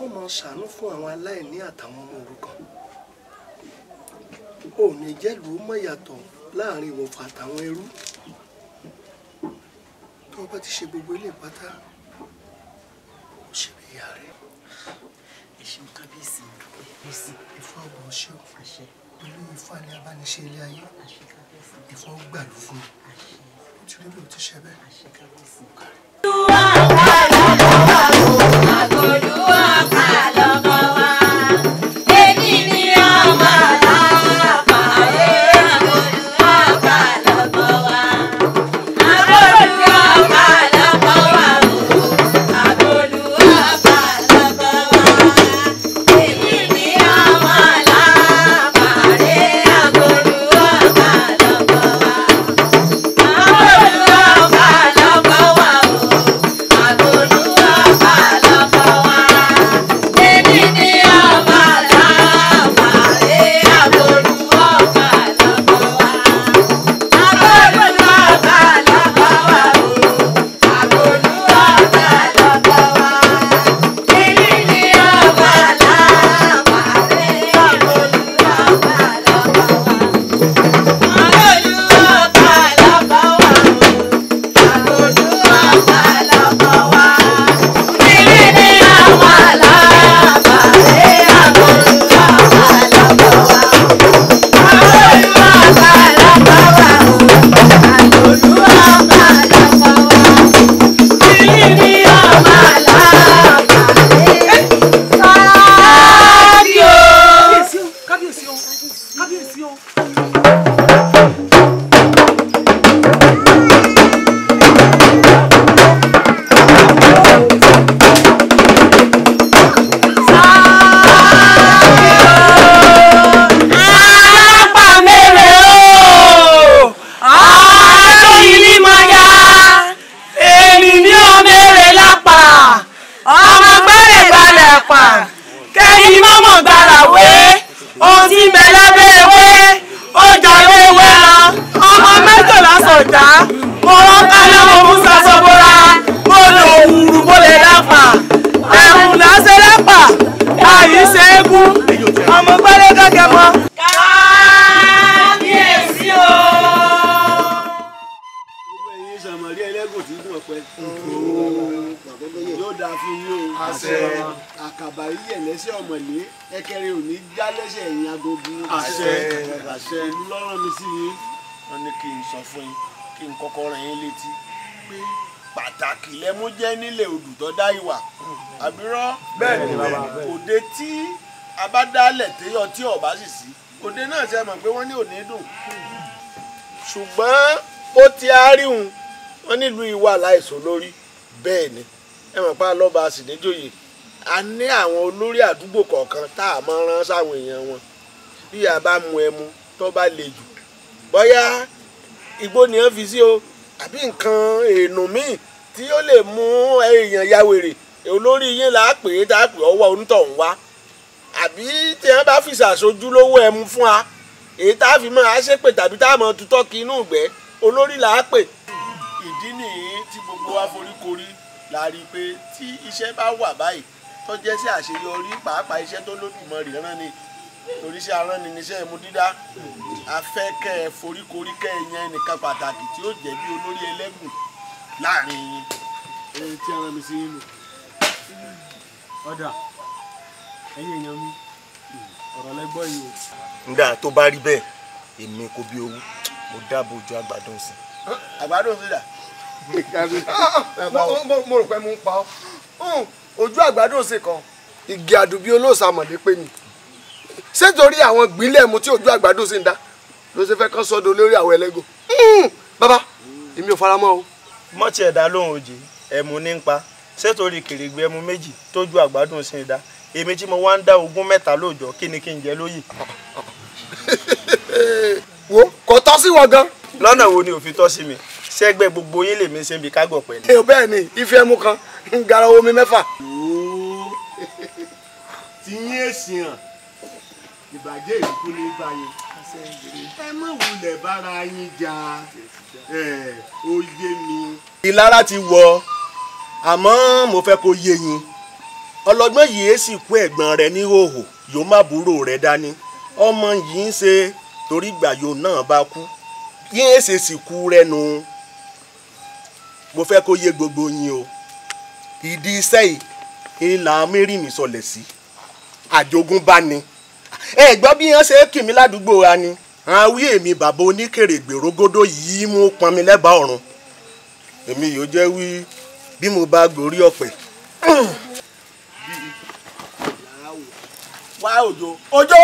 ọmọ ṣàánú fún àwọn aláìní àtàwọn ọmọ òrukàn ò ní jẹ́lùú mọ́ yàtọ̀ láàrin ìwọ̀fà àtàwọn ẹrú tó bá ti ṣe gbogbo ilé pátá kábíyèsí kábíyèsí ìfọ ọgbọn ṣé o àṣẹ olóyè fani abániṣe ilé ayé àṣẹ kábíyèsí ìfọ gbàlú fún bí o ti ṣe bẹ́ẹ̀ àṣẹ lọ́rọ̀ mi sí yín wọn ni kí n sọ fún yín kí n kọ́kọ́ rán yín létí pé pàtàkì lẹ́mú jẹ́ nílẹ̀ odù tó dá ìwà àbírọ́ òde tí a bá dálẹ̀ téyọ̀ tí ọ̀bá sì sí òde náà ṣe mọ̀ pé wọ́n ní òní dùn ṣùgbọ́n ó ti àáríhùn wọn nílùú ìwà láìsọ lórí bẹ́ẹ̀ ni ẹ mọ̀ pé alọ́ba àsìnéjòyè a ní àwọn olórí àdúgbò kọ̀ọ̀kan tá a máa rán sáwọn èèyàn wọn bí a bá mu ẹmu tó bá le jù bóyá igbó ni wọ́n fi sí o àbí nǹkan èèyàn míì tí ó lè mú èèyàn ya wèrè olórí yín là á pè é tá a pè ọwọ́ onítọ̀hún wá àbí tí wọ́n bá fi ṣàṣojú lówó ẹmu fún wa èyí tá a fi máa ṣépè tàbí tá a mọ tutọ́ kí inú ìgbẹ́ olórí là á pè. ìdí nìyí tí gbogbo wa forí korí la rí i pé tí iṣẹ́ bá wà báyìí tó jẹ́ sí àṣeyọrí pàápàá iṣẹ́ tó lódùmarè rán ni torí iṣẹ́ aránni níṣẹ́ ìmú dídá afẹ́ kẹ́ ẹ foríkorí kẹ́ ẹ yan ẹnìkan pàtàkì tí ó jẹ́ bí olórí ẹlẹ́gùn láàrin yín. tí ara mi sí yín nù ọ̀dà ẹ̀yin èèyàn mi ọ̀rọ̀ lẹ́gbọ́ yìí o. nígbà tó bá rí bẹ́ẹ̀ èmi kò bí owó mo dáàbò ju àgbàdo sí. àgbàdo sí dà. mo rò pé mo ń pa ọ́ ojú àgbàdo sí kan igi àdùbí olóòsà pé mi ṣé torí àwọn gbìnlẹ̀ mu tí ojú àgbàdo sì ń dá ló ṣe fẹ́ kán sọ́dọ̀ lórí àwọn ẹlẹ́gò hmm, bàbá èmi ò fara mọ́ o. mọ́ tiẹ̀ dá lóhùn òjì ẹ̀mú ní ń pa ṣé torí kèrègbè ẹmu méjì tójú àgbàdo sì ń dá èmi tí mo wá ń dá ogún mẹ́ta lóòjọ́ kí ni kí n jẹ lóyè. wo kò tọ́ sí wọn gan. lọ́nà wo ni òfin tọ́ sí mi sẹ́gbẹ́ gbogbo yín lèmi ṣe ń bi kágọ̀ pẹ̀lú. bẹ́ẹ̀ ni ife ẹmu kan ń gara omi mẹ́fà. tí yín èsì hàn ìbàjẹ́ ìdúkú ní báyìí ẹ má wulẹ̀ bára yín jà ó yé mi. ìlara ti wọ àmọ́ mo fẹ́ kó yé yín ọlọ́gbọ́n yìí é sì kú ẹ̀gbọ́n rẹ̀ ní yóò má búrò rẹ̀ dání ọmọ yìí ń ṣe torí gbàyò náà bá kú yín é ṣe sì kú rẹ́nu mo fẹ́ kó yé gbogbo yín o ìdí iṣẹ́ yìí ìlà mẹ́rìnmí sọlẹ̀ sí àjogúnbá ni ẹ gbọ́ bí wọ́n ṣe kì mí ládùúgbò wa ni àwọn wí èmi bàbá oníkèrègbè rógódó yìí mú pọn mi lẹ́bàá ọ̀run èmi yóò jẹ́ wí bí mo bá gorí ọ̀pẹ. wá òjò òjò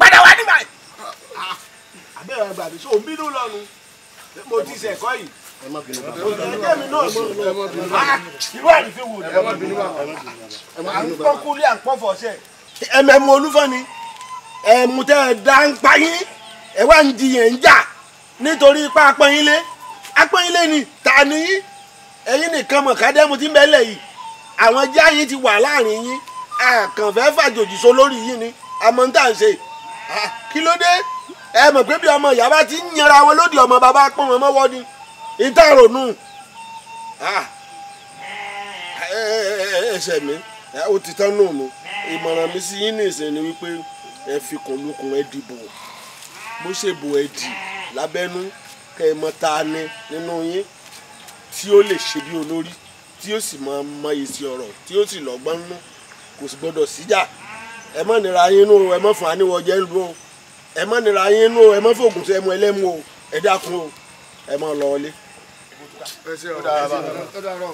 padà wá nígbà yìí. àbẹ̀rẹ̀ àgbàdo ṣó bínú lọ́nu mo ti ṣẹ̀kọ́ yìí. ẹ má bínú bàbá ẹ má bínú bàbá ìlú àrífẹ́ wo ni. ẹ má bínú bàbá ẹ má bínú bàbá. à ń pọ́nkúlé à ń pọ́nfọ̀ọ́sẹ̀. ẹ̀mẹ̀mú olúfọ́ni ẹ̀mú tẹ́ ẹ dá ń pa yín ẹ wá ń jiyàn ń jà nítorí ipá apọ́yínlé apọ́yínlé ni ta ni yín ẹ̀yin nìkan mọ̀ kádẹ́mu ti ń bẹ́lẹ̀ yìí àwọn jẹ́ àyín ti wà láàrin yín àkànfẹ́ fàjòjì so lórí yín ni àmọ́ ń tà ń ṣe kí ló dé ẹ mọ̀ pé bí ọmọ ìyá bá ti ń yanra wọn lóde ọmọ bàbá pọ́n wọn mọ́wọ́ ni ìtàrònú ẹsẹ̀ mi ó ti tán nù mí ìmọ̀ràn mi sí yín nìsín ni wípé ẹ fi kùnlùkùn ẹ dìbò bó ṣe bò ẹ dì lábẹ́nú kẹ́ ẹ mọ ta ni nínú yín tí ó lè ṣe bí olórí tí ó sì máa mọ èsì ọ̀rọ̀ tí ó sì lọ́gbọ́n nú kò sì gbọ́dọ̀ síjà ẹ má nira yín nú o ẹ má fún aníwọ̀jẹ́ lu o ẹ má nira yín nú o ẹ má fògùn sí ẹmu ẹlẹ́mu o ẹ dákun o ẹ má lọ wọlé. ẹ ṣe ọ̀rọ̀ ẹ ṣe ọ̀rọ̀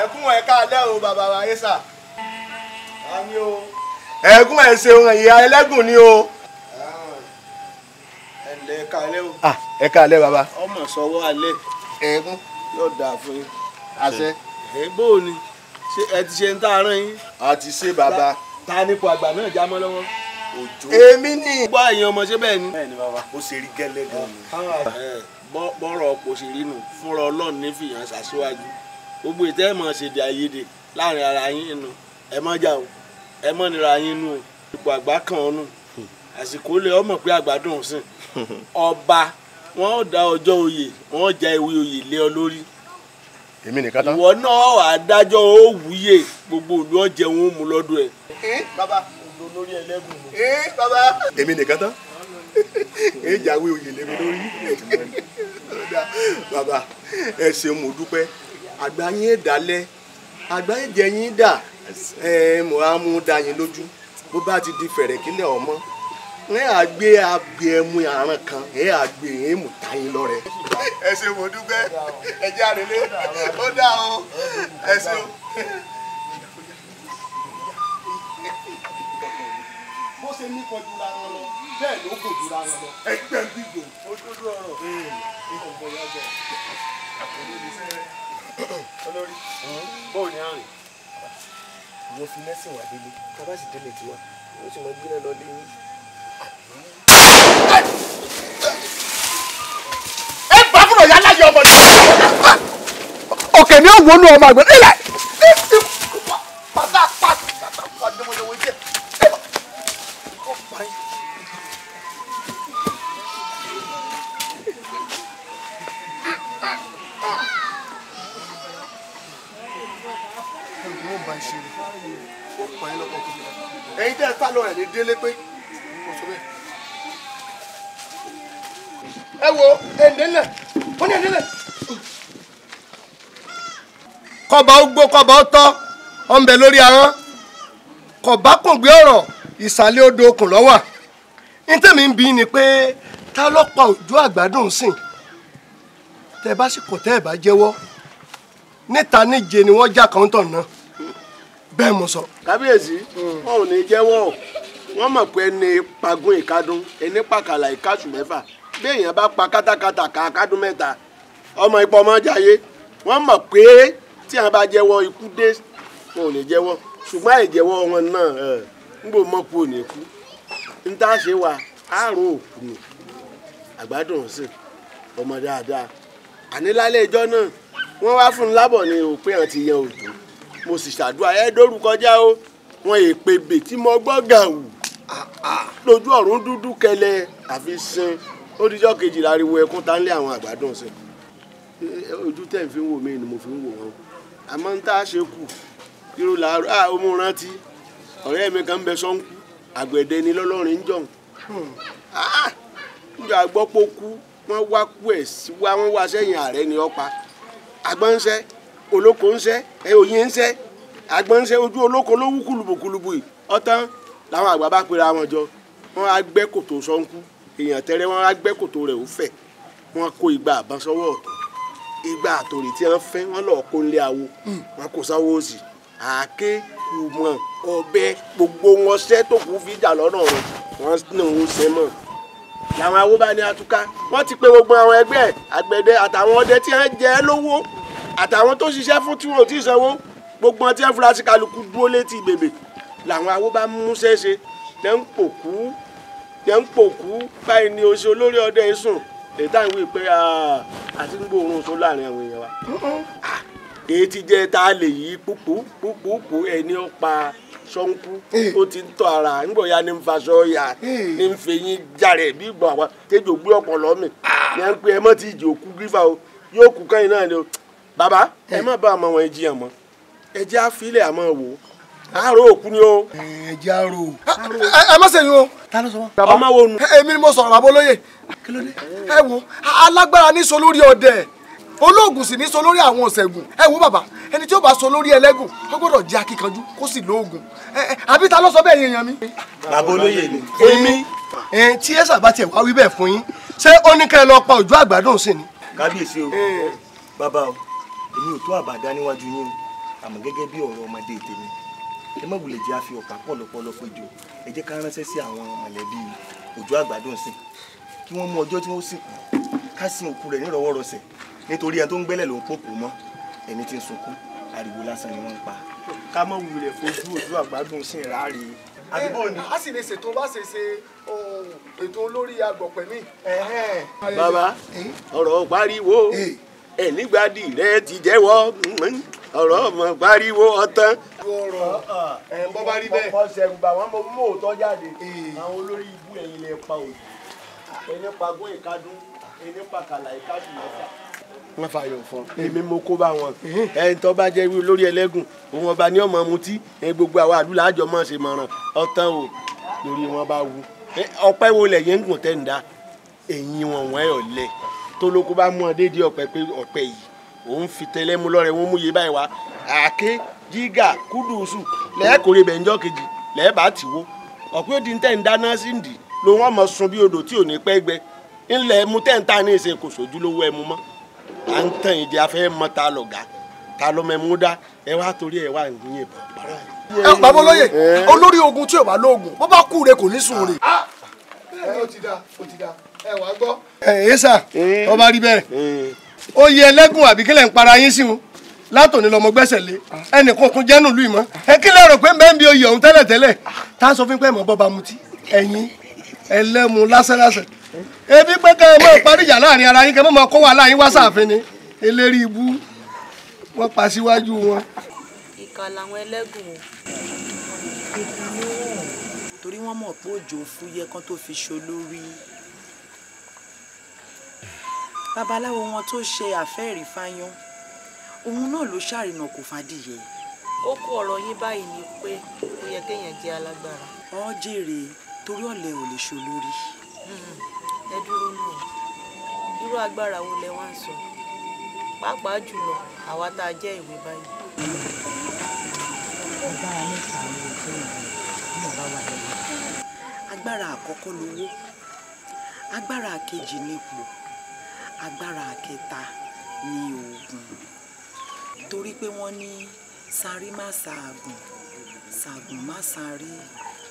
ẹkún ẹ káalẹ́ o bàbá wa ayé sà á ní o. ẹkún ẹ ṣeun ìyá ẹlẹ́gùn ni o. Ah, ẹ káalẹ́ o. Ah, ẹ káalẹ́ bàbá. ọmọ sọwọ́ alẹ́. ẹkún. yóò dáa fún yín. àṣẹ. ẹ bóò ni ṣé ẹ ti ṣe ń tá a rán yín. a ti ṣe bàbá. ta ni ipò àgbà náà já mọ́ lọ́wọ́. òjò. èmi ni. gbọ́ àyàn ọmọ ṣé bẹ́ẹ̀ ni. bẹ́ẹ̀ ni bàbá. ó ṣe rí gẹ́lẹ́ bọ́rọ̀ kò sì rí nù fúnra ọlọ́run ní fìyàn ṣàṣíwájú gbogbo ìtẹ́ ẹ̀ mọ̀ ṣèdè àìyedè láàrin ara yín nù ẹ mọ̀ jà o ẹ mọ̀ nira yín nù o ipò àgbà kan ọ̀nù àsìkò lè ọmọ pé àgbàdùn sìn (laughs) ọba wọn ò dá ọjọ́ oyè wọn ò já ewé oyè lé ọ lórí èmi nìkan tán. ìwọ náà wà á dájọ́ ó wúyè gbogbo ìlú ọ̀jẹ̀ wọn ò mú lọ́dún ẹ̀. Eh, bàbá olórí eh, èmi nìkan tán èjàwé oyè lèmi lórí bàbá ẹ ṣe mo dúpẹ́ àgbà yín dálẹ̀ àgbà yín jẹ yín dà ẹ mo á mú dá yín lójú bó bá ti di fẹ̀rẹ̀kílẹ̀ ọmọ ẹ àgbé àgbé ẹmu àràn kan ẹ àgbé e, ẹmu táyín lọ́rẹ. ẹ ṣe mo dúpẹ́ ẹ jẹ́ àrèlé ó dà o ẹ ṣe o. bó ṣe ní kọjú ra wọn lọ bẹ́ẹ̀ ló kò dúra wọn lọ. ẹgbẹ́ ń dìbò ó dúró ọ̀rọ̀ ìkọ̀ bọ̀ yájọ. olórí bóò ní àrùn. ìwọ fi mẹ́sìn wà délé ká bá sì délé tiwa ó sì mọ gbéná lọ lé yín. ẹ bá kúrò yálà yọ ọmọ yìí. òkè ni ó wọnú ọmọ àgbẹ̀ nílẹ̀. ẹ̀yin tẹ́ ẹ sá lọ ẹ̀ ní délé pé kò sọ bẹ́ẹ̀. ẹ wo ẹ̀ǹdẹ́lẹ̀ wọ́n ní ẹ̀ǹdẹ́lẹ̀. kọba ó gbó kọba ó tọ́ ọ̀ ń bẹ lórí ahọ́n kọba kò gbé ọ̀rọ̀ ìsàlẹ̀ odò okùn lọ́wà nítẹ̀mí ń bí ni pé ta ọlọ́pàá pa òjò àgbàdùn sìn tẹ bá sì kọ̀ tẹ́ ẹ̀ bá jẹ́wọ́ níta níje ni wọ́n já kàńtọ̀ náà. bẹ́ẹ̀ mo sọ. kábíyèsí hmm. wọn ò ní jẹ́wọ́ wọn mọ̀ pé ẹni pagún ìkádùn ẹni pàkàlà ìkásù mẹ́fà bí èèyàn bá pa kátakátà ká kádùn mẹ́ta ọmọ ipò ọmọ jayé wọn mọ̀ pé tí wọn bá jẹ́wọ́ ikú dé wọn ò ní jẹ́wọ́ ṣùgbọ́n àìjẹ́wọ́ wọn náà ń bò mọ́ kú ò ní kú ń tá a ṣe wà àrùn òkú nù àgbádùn ọ̀sìn ọmọ dáadáa àní lálẹ́ ìjọ náà wọ́n wá fún un lábọ̀ ní òpin àti yan òjò mo sì ṣàdúrà ẹ dórúkọjá o wọn èpè bè tí mo gbọ́ gàù lójú ọ̀run dúdú kẹlẹ àfi sin ó dijọ́ kejìlá ariwo ẹkún tá ń lé àwọn àgbàdo ọ̀sẹ̀ ojú tẹ̀ ń fi ń wò mí ni mo fi ń wò wọn àmọ́ ń tá a ṣe kù irú làárọ̀ à ó mú rántí ọ̀rẹ́ mi kan ń bẹ sọ́nkú àgbẹ̀dẹ ni lọ́lọ́rin ń jọ̀ hmm. níjọ́ àgbọ́pọ̀ kú wọ́n wá kú ẹ̀ sí wá wọ́n wá sẹ́yìn ààrẹ ni ọ́ pa àgbọ̀nsẹ́ olóko ńṣẹ́ ẹ òyìn ńṣẹ́ àgbọn ńṣẹ́ ojú olóko ló wú yìí ọ̀tán làwọn àgbà bá pera wọn jọ wọn á gbẹ́ kòtò sọ́nkú èèyàn tẹ́rẹ́ wọn á gbẹ́ kòtò rẹ̀ ó wọn kó igba àbọn sọ́wọ́ ọ̀tún igba àtòrè tí wọn fẹ́ wọn lọ́ọ́ kó lé awo hmm. wọn kò sáwọ́ òsì àáké kùmọ̀ ọ̀bẹ gbogbo wọn ṣẹ́ tó kù fi jà lọ́nà rẹ̀ wọn náà ó ṣẹ́ mọ̀ làwọn awo bá ní atuka wọn ti pe gbogbo àwọn ẹgbẹ́ àgbẹ̀dẹ àtàwọn ọdẹ tí wọn jẹ́ lówó àtàwọn tó ṣiṣẹ́ fún tí wọn ò tí ì sanwó gbogbo ọtí ẹ̀ fura sí kálukú dúró létí bèbè làwọn awo bá mú ṣẹ́ṣe tẹ́ ń pòkú tẹ́ ń pòkú báyìí ni oṣù olórí ọdẹ yìí sùn èyí táwọn wí pé àti ń gbóòórùn oṣù láàrin àwọn èèyàn wa èyí ti jẹ́ tá a lè yí púpù púpù pú ẹni ó pa sọ́nkú eh. ó ti ń tọ́ ara nígbà ni ń faṣọ ya ni ń fẹ̀yìn eh. jàre bí ìgbọ̀n àwọn tẹ́jọ́ gbé ọ̀pọ̀ lọ́mì ni à ah. ń pè ẹ mọ́ ti ìjì òkú gífà o yóò kú kẹ́yìn náà ni o baba ẹ má bá ọmọ wọn ẹ jiyàn mọ́ ẹ jẹ́ àfilẹ̀ àmọ́ wò àárò òkú ni o. ẹ jẹ́ àárò. ẹ má ṣèyí o. ta ló sọ wọn. ọmọ wo nu. èmi ni mo sọ̀rọ̀ bàbá olóye. kí ló dé. ẹ wo alágbára ní sọ lórí ọdẹ olóògùn sì ní sọ lórí àwọn ọ̀sẹ̀gùn ẹ wo bàbá ẹni tí ó bá sọ lórí ẹlẹ́gùn ó gbọ́dọ̀ jẹ́ akíkanjú kó sì lóògùn àbí ta ló sọ bẹ́ẹ̀ yẹn yan mi. bàbá olóyè ni. èmi tí ẹ sábà tiẹ̀ wá wí bẹ́ẹ̀ fún yín ṣé ó ní kẹ́ ẹ lọ pa òjò àgbàdo sí ni. kábíyèsí o bàbá o èmi ò tó àbàdá níwájú yín àmọ́ gẹ́gẹ́ bí ọ̀rọ̀ ọmọdé tèmi ẹ má wulẹ̀ jẹ́ àfi ọ̀pá pọ̀lọpọ̀lọ péjọ ẹ jẹ́ ká ránṣẹ́ sí àwọn mọ̀lẹ́bí òjò àgbàdùn sí kí wọ́n mú ọjọ́ tí wọ́n sìnkú ká sin òkú rẹ̀ nírọ̀wọ́rọ̀sẹ̀ nítorí ẹni tó ń gbẹ́lẹ̀ ló ń pòpò mọ́ ẹni tí ń sunkún ariwo lásán ni wọ́n ń pa. ká má wulẹ̀ fojú òjò àgbàdùn sí ìrárí àdúgbò ni. a sì lè ṣètò bá ṣe ṣe ètò olórí agbọ̀pẹ̀ bàbá eh? ọ̀rọ̀ pariwo ẹ̀nígbàdì rẹ ti jẹ́wọ́ ọ̀rọ̀ ọmọ pariwo ọ̀tán. bọ́ bá rí bẹ́ẹ̀. ọ̀sẹ̀ ìgbà wọn mo mú òótọ́ jáde àwọn olórí ibú ẹ̀yìn lè pa òjò ẹni pa gún ìkádùn ẹni pa kàlà ìkádùn mẹ́fà wọ́n fààyàn fún un èmi mo kó bá wọn ẹni tó bá jẹ́ lórí ẹlẹ́gùn òun ọba ní ọmọ mutí ẹni gbogbo àwa àdúrà àjọ mọ̀ ṣe mọ̀ràn ọ̀tán o lórí wọn bá wú ọpẹ́ wo lẹ̀yìn ń gùn tẹ̀ ń da èyí wọn wọ́n ẹ̀ ọ̀lẹ́ tó lóko bá mú ọ déédéé ọ̀pẹ pé ọ̀pẹ yìí òun fi tẹ́lẹ̀ mú lọ́rẹ̀ wọn mú iye báyìí wá àáké jígà kúdùsù lẹ́ẹ̀kórè bẹ̀ǹjọ́ kejì lẹ́ẹ̀bà tì wó ọ̀pẹ ó di ń tẹ̀ ń dáná sí ń dì ló wọ́n mọ̀ sun bí odò tí ò ní pẹ́ gbẹ ńlẹ̀ mu tẹ̀ ń ta ní ìṣe kò sójú lówó ẹ mu mọ́ à ń tàn ìdí afẹ́ mọ́ ta lọ̀gá ta ló mẹ́mú dá ẹ wá torí ẹ wá ìyẹn bọ̀ para. ẹ bàbá olóye eh? olórí ogun tí ò bá lóògùn bó bá kú re kò ní sùn re. Eh, bẹ́ẹ̀ ni ó ti da ó ti da ẹ wá gbọ́. ẹ ẹ sà ọba eh. rí bẹ́ẹ̀ eh. ó yẹ ẹlẹ́gùn àbí kílẹ̀ ń para yín sí wọn látòní lọmọ gbẹ́sẹ̀ lé ah. ẹnìkan kún jẹ́nu lùí mọ́ ẹ kílẹ̀ rò pé bẹ́ẹ̀ ń bi oyè ọ̀hún tẹ́lẹ̀ tẹ́lẹ̀ ah. tá a sọ fún pé mọ̀ bọ́ba mutí ẹ̀yin ẹlẹ́mu lásánlásán ebi pé kẹ́ ẹ mọ̀ eh. parí ìjà láàrin ara yín kẹ́ ẹ mọ̀ kó wà láàyín wá sáàfin ni eléri ibú wọ́n pa síwájú wọn. ìkà làwọn ẹlẹ́gùn o torí wọ́n mọ̀ pé òjò fúyẹ́ kan tó fi ṣolórí babaláwo wọn tó ṣe àfẹ́ẹ̀rí fáyán òun náà ló ṣàrìnà kò fàdìyẹ. ó kó ọ̀rọ̀ yín báyìí ni pé ó yẹ kéèyàn jẹ́ alágbára. ọ jèrè torí ọ̀lẹ ò lè ṣo lórí. Hmm, ẹ dúró nù irú agbára wo lẹ wá ń sọ pàápàá jùlọ àwa tá a jẹ́ ìwé báyìí. agbára mẹ́ta ni ojú ìwé ní ọ̀rá wà lẹ́yìn. agbára àkọ́kọ́ lówó agbára kejì ni ipò agbára kẹta ni oògùn torí pé wọ́n ní sáré má ṣàgùn ṣàgùn má sáré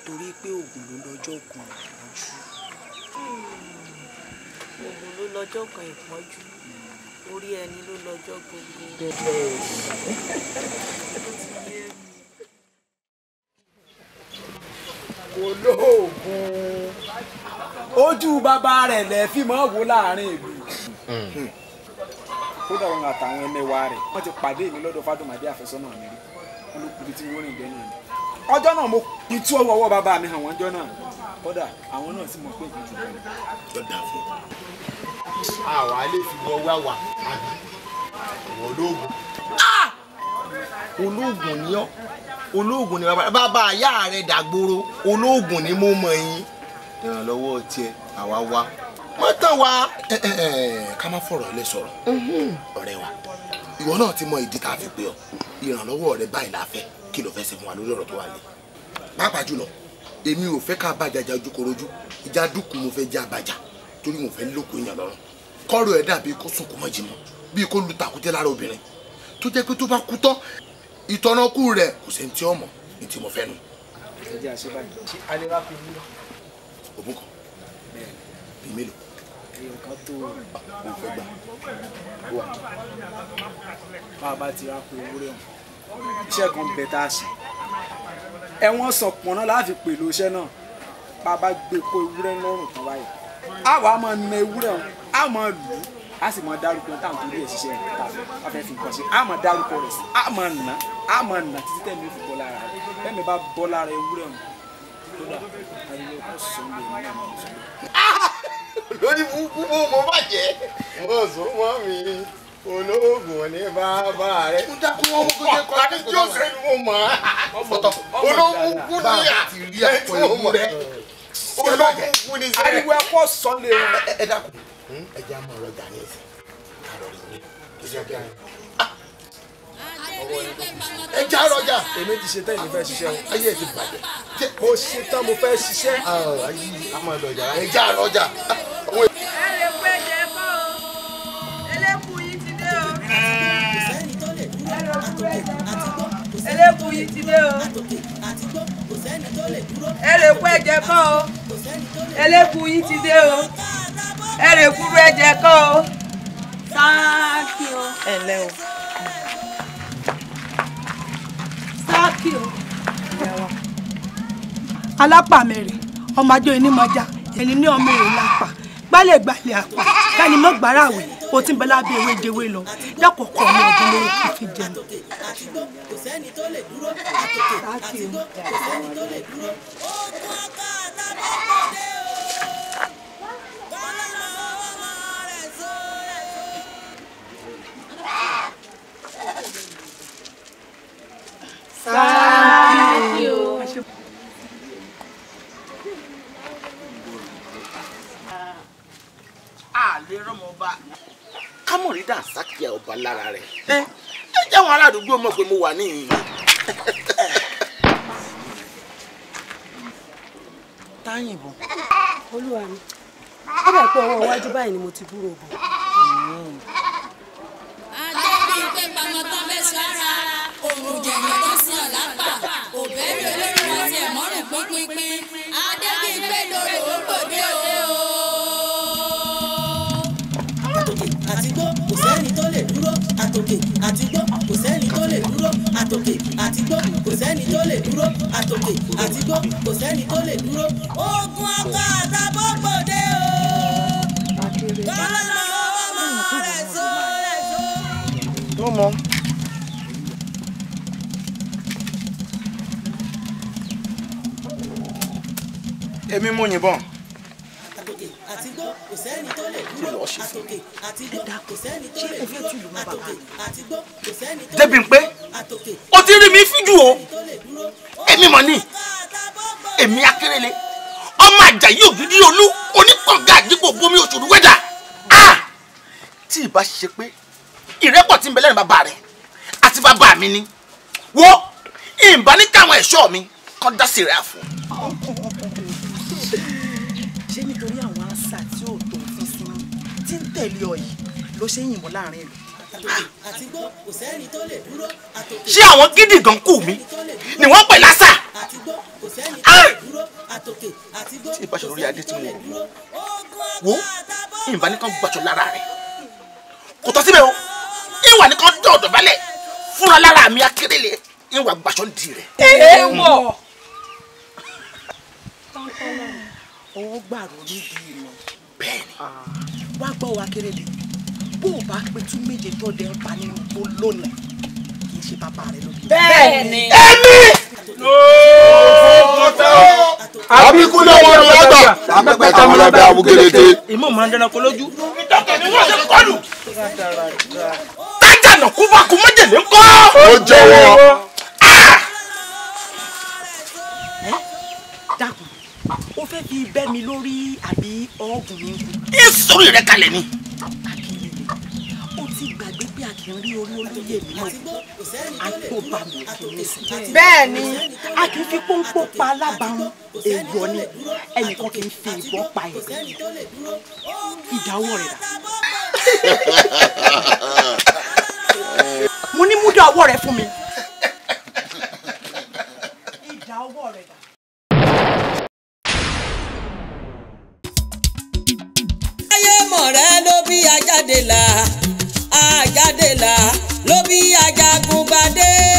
torí pé oògùn ló lọ́jọ́ kan ìpọ́njú. Hmm, oògùn ló lọ́jọ́ kan ìpọ́njú orí ẹni ló lọ́jọ́ gbogbo. olóògùn ojú bàbá rẹ̀ lẹ́ẹ̀fì mọ́ wò láàrin ìlú. kódà òun àtàwọn ẹmẹ̀wà rẹ wọ́n ti pàdé mi lọ́dọ̀ fádùmàdé àfẹ́sọ́nà mi rí wọ́n ló kùbi tí wọ́n rìn dẹ́nu mi ọjọ́ náà mo kì í tú ọwọ́ bàbá mi hàn wọ́n jọ náà kódà àwọn náà sì mọ̀ pé ìgbà jù lọ. àwa lè fi wọ wáwà àbí ìwọ olóògùn. olóògùn ah! ni ọ́ olóògùn ni bàbá àyà rẹ̀ dàgbòrò olóògùn ni mo mọ̀ yín ìrànlọ́wọ́ tiẹ̀ àwa wá. mọ́ tàn wá. ẹ ẹ ẹ ká má fọ̀rọ̀ ilé sọ̀rọ̀ mhm. ọ̀rẹ́ wa ìwọ náà ti mọ ìdí tá a fi pè ọ́ ìrànlọ́wọ́ rẹ báyìí la fẹ́ kí ló fẹ́ ṣe fún wa lórí ọ̀rọ̀ tó wà lé pàápàá jùlọ èmi ò fẹ́ ká bàjàjà ojú korojú ìjà dúkùú mo fẹ́ jẹ́ àbàjá torí mo fẹ́ lóko èèyàn lọ́rùn kọ́rọ̀ ẹ̀ dàbí kó sunkún mọ́ jìmọ́ bíi kó lu tàkúté lára obìnrin tó jẹ́ pé tó bá kú tán ìtọ́nàkú rẹ̀ kò sẹ́ni tí ó ní tí mo fẹ́ nu. ẹ bíi mélòó èèyàn kan tó kò fẹ́ gbà wà bá a bá ti ra kó ewúrẹ́ hàn iṣẹ́ kan bẹ tá a ṣe ẹ̀wọ̀n sọ̀pọ̀ náà láàfi pèlò iṣẹ́ náà bá a bá gbé kó ewúrẹ́ lọ́rùn kan báyìí a wà á máa na ewúrẹ́ hàn a máa lù ú a sì máa dárúkọ táwọn torí ẹ̀ ṣiṣẹ́ rẹ̀ a fẹ́ fi nǹkan ṣe a máa dárúkọ rẹ̀ sí a máa nà á máa nà títí tẹ̀mí fi bọ́ lára rẹ̀ tẹ̀mí bá bọ́ lára ewúrẹ́ hàn kódà àyè ọkọ̀ sọ̀rọ̀ ẹ̀ ní àmọ́ ìṣòro lórí búbú mo bàjẹ́ mo sún mọ́ mi olóògùn ní bàbá rẹ. mo dákun wọn kó jẹ kó ní tí ó ṣe mo mọ ọmọ olóògùn kú ní àtìrí àpòlù rẹ olóògùn kú ní sẹ. ariwo ẹkọ sọ lè rún. ẹ dákun hmm? ẹ jẹ àmọ ọ̀rọ̀ gani ẹsẹ kárọ rẹ ní ìṣe ọgá rẹ. ẹ já ah! rọjà. èmi ti ṣe tán èmi fẹ́ ṣiṣẹ́ o. ayé ẹ ti bàjẹ́. mo ṣe tán mo fẹ́ ṣiṣẹ́. ayé a máa lọ jà. ẹ já rọjà. ẹrẹ̀kú ẹ̀jẹ̀ kọ́ o ẹlẹ́kùn yín ti dé o ẹrẹ̀kú ẹ̀jẹ̀ kọ́ o sáàkì o. ẹ lẹ o. sáàkì o. alápá mẹ́rin ọmọ ajó ẹni mọjá ẹni ní ọmọ èrè lápá gbálẹ̀gbálẹ̀ àpá kẹ́ni mọ́ gbára àwẹ̀ kò tí ń bẹ lábẹ́ ewé dewé lọ lákòókò ní ọdún lórí kò fi jẹun. Sáàkì o. àlè rọmọba kámọ̀rídà sákìá ọba lára rẹ̀ ẹ jẹ́ àwọn ará mọ̀ pé mo wà níyìn. táyìnbọn olúwa mi ó dà pé ọwọ́ iwájú báyìí ni mo ti búrò bọ̀. ajé pé pamọ́ tán fẹ́ sára òun jẹ̀yìn tó sí ọ̀lápà òbẹ́rẹ́ olórí wọn ti ẹ̀ pínpín àtòkè àtigbó kò sẹ́ni tó lè dúró àtòkè àtigbó kò sẹ́ni tó lè dúró àtòkè àtigbó kò sẹ́ni tó lè dúró. ogun ọkọ àtàbọ̀ gbòde o. kọ́lọ́nà ọmọ rẹ̀ sọ rẹ̀ sọ. tó mọ. èmi mú yìnbọn. àtòkè àtigbó kò sẹ́ni ṣe fún mi ẹ dákun ṣé ẹ fẹ́ tìlú mọ́ bàbá mi. débi pé o ti rí mi fíjú o èmi mọ̀ ni èmi akérèlé ọmọ àjàyí ògidì olú oníkànga àdìgbò bomi òṣòro wẹ́dà tí ì bá ṣe pé ìrẹ́pọ̀ tí ń bẹ lẹ́nu bàbá rẹ̀ àti bàbá mi ni wọ́n ìbánikàwọn ẹ̀ṣọ́ mi kọ́ dá sí rẹ̀ àfọ̀. tẹ̀lé ọ yìí ló ṣe ń yìnbọn láàrin ìlú. Ah, ṣé àwọn gidi gan kù mí ni wọ́n pè lásà. tí ìbáṣọ lórí adé tí mo wò wò ìyìnbá nìkan gbàṣọ lára rẹ kò tọ́ síbẹ̀ o ìwà nìkan dọ̀dọ̀ balẹ̀ fúnra lára mi akérèlé ìwà gbàṣọ ń di rẹ. ẹ ẹ wọ owó gbàrú níbi ìmọ̀. bẹ́ẹ̀ni. Ah wá gbọ́ wa kéré lè bó o bá pe tún méje tó dẹ ń pa nínú tó lónìí kì í ṣe bàbá rẹ lóbi. bẹ́ẹ̀ ni. ẹni. àbíkú náà wọn lọ gbà. àpẹpẹ táwọn ọlọbẹ awúgẹrẹdẹ. ìmọ̀ máa ń dáná kó lójú. dókítà ni wọ́n ṣe kọlù. tájà nà kú bá kú méjèlé ń kọ́. ó jẹ́wọ́. Ah! dákun ó fẹ́ fi bẹ́ mi lórí àbí ọ̀ọ́gùn mi. ìsòrí rẹ kalẹ̀ ni. ó ti gbàgbé pé a kì í rí orí olóyè mi náà àtòbà bẹ́ẹ̀ ni a kì í fi pọ́npọ́ pa alábàárún èèwọ̀ ni ẹnìkan kì í fi ìbọn pa ẹ̀ ìdáwọ́ rẹ̀ dà. (laughs) mo ní múdà ọwọ́ rẹ fún mi. ajáde là ajáde là ló bí ajagun bá dé.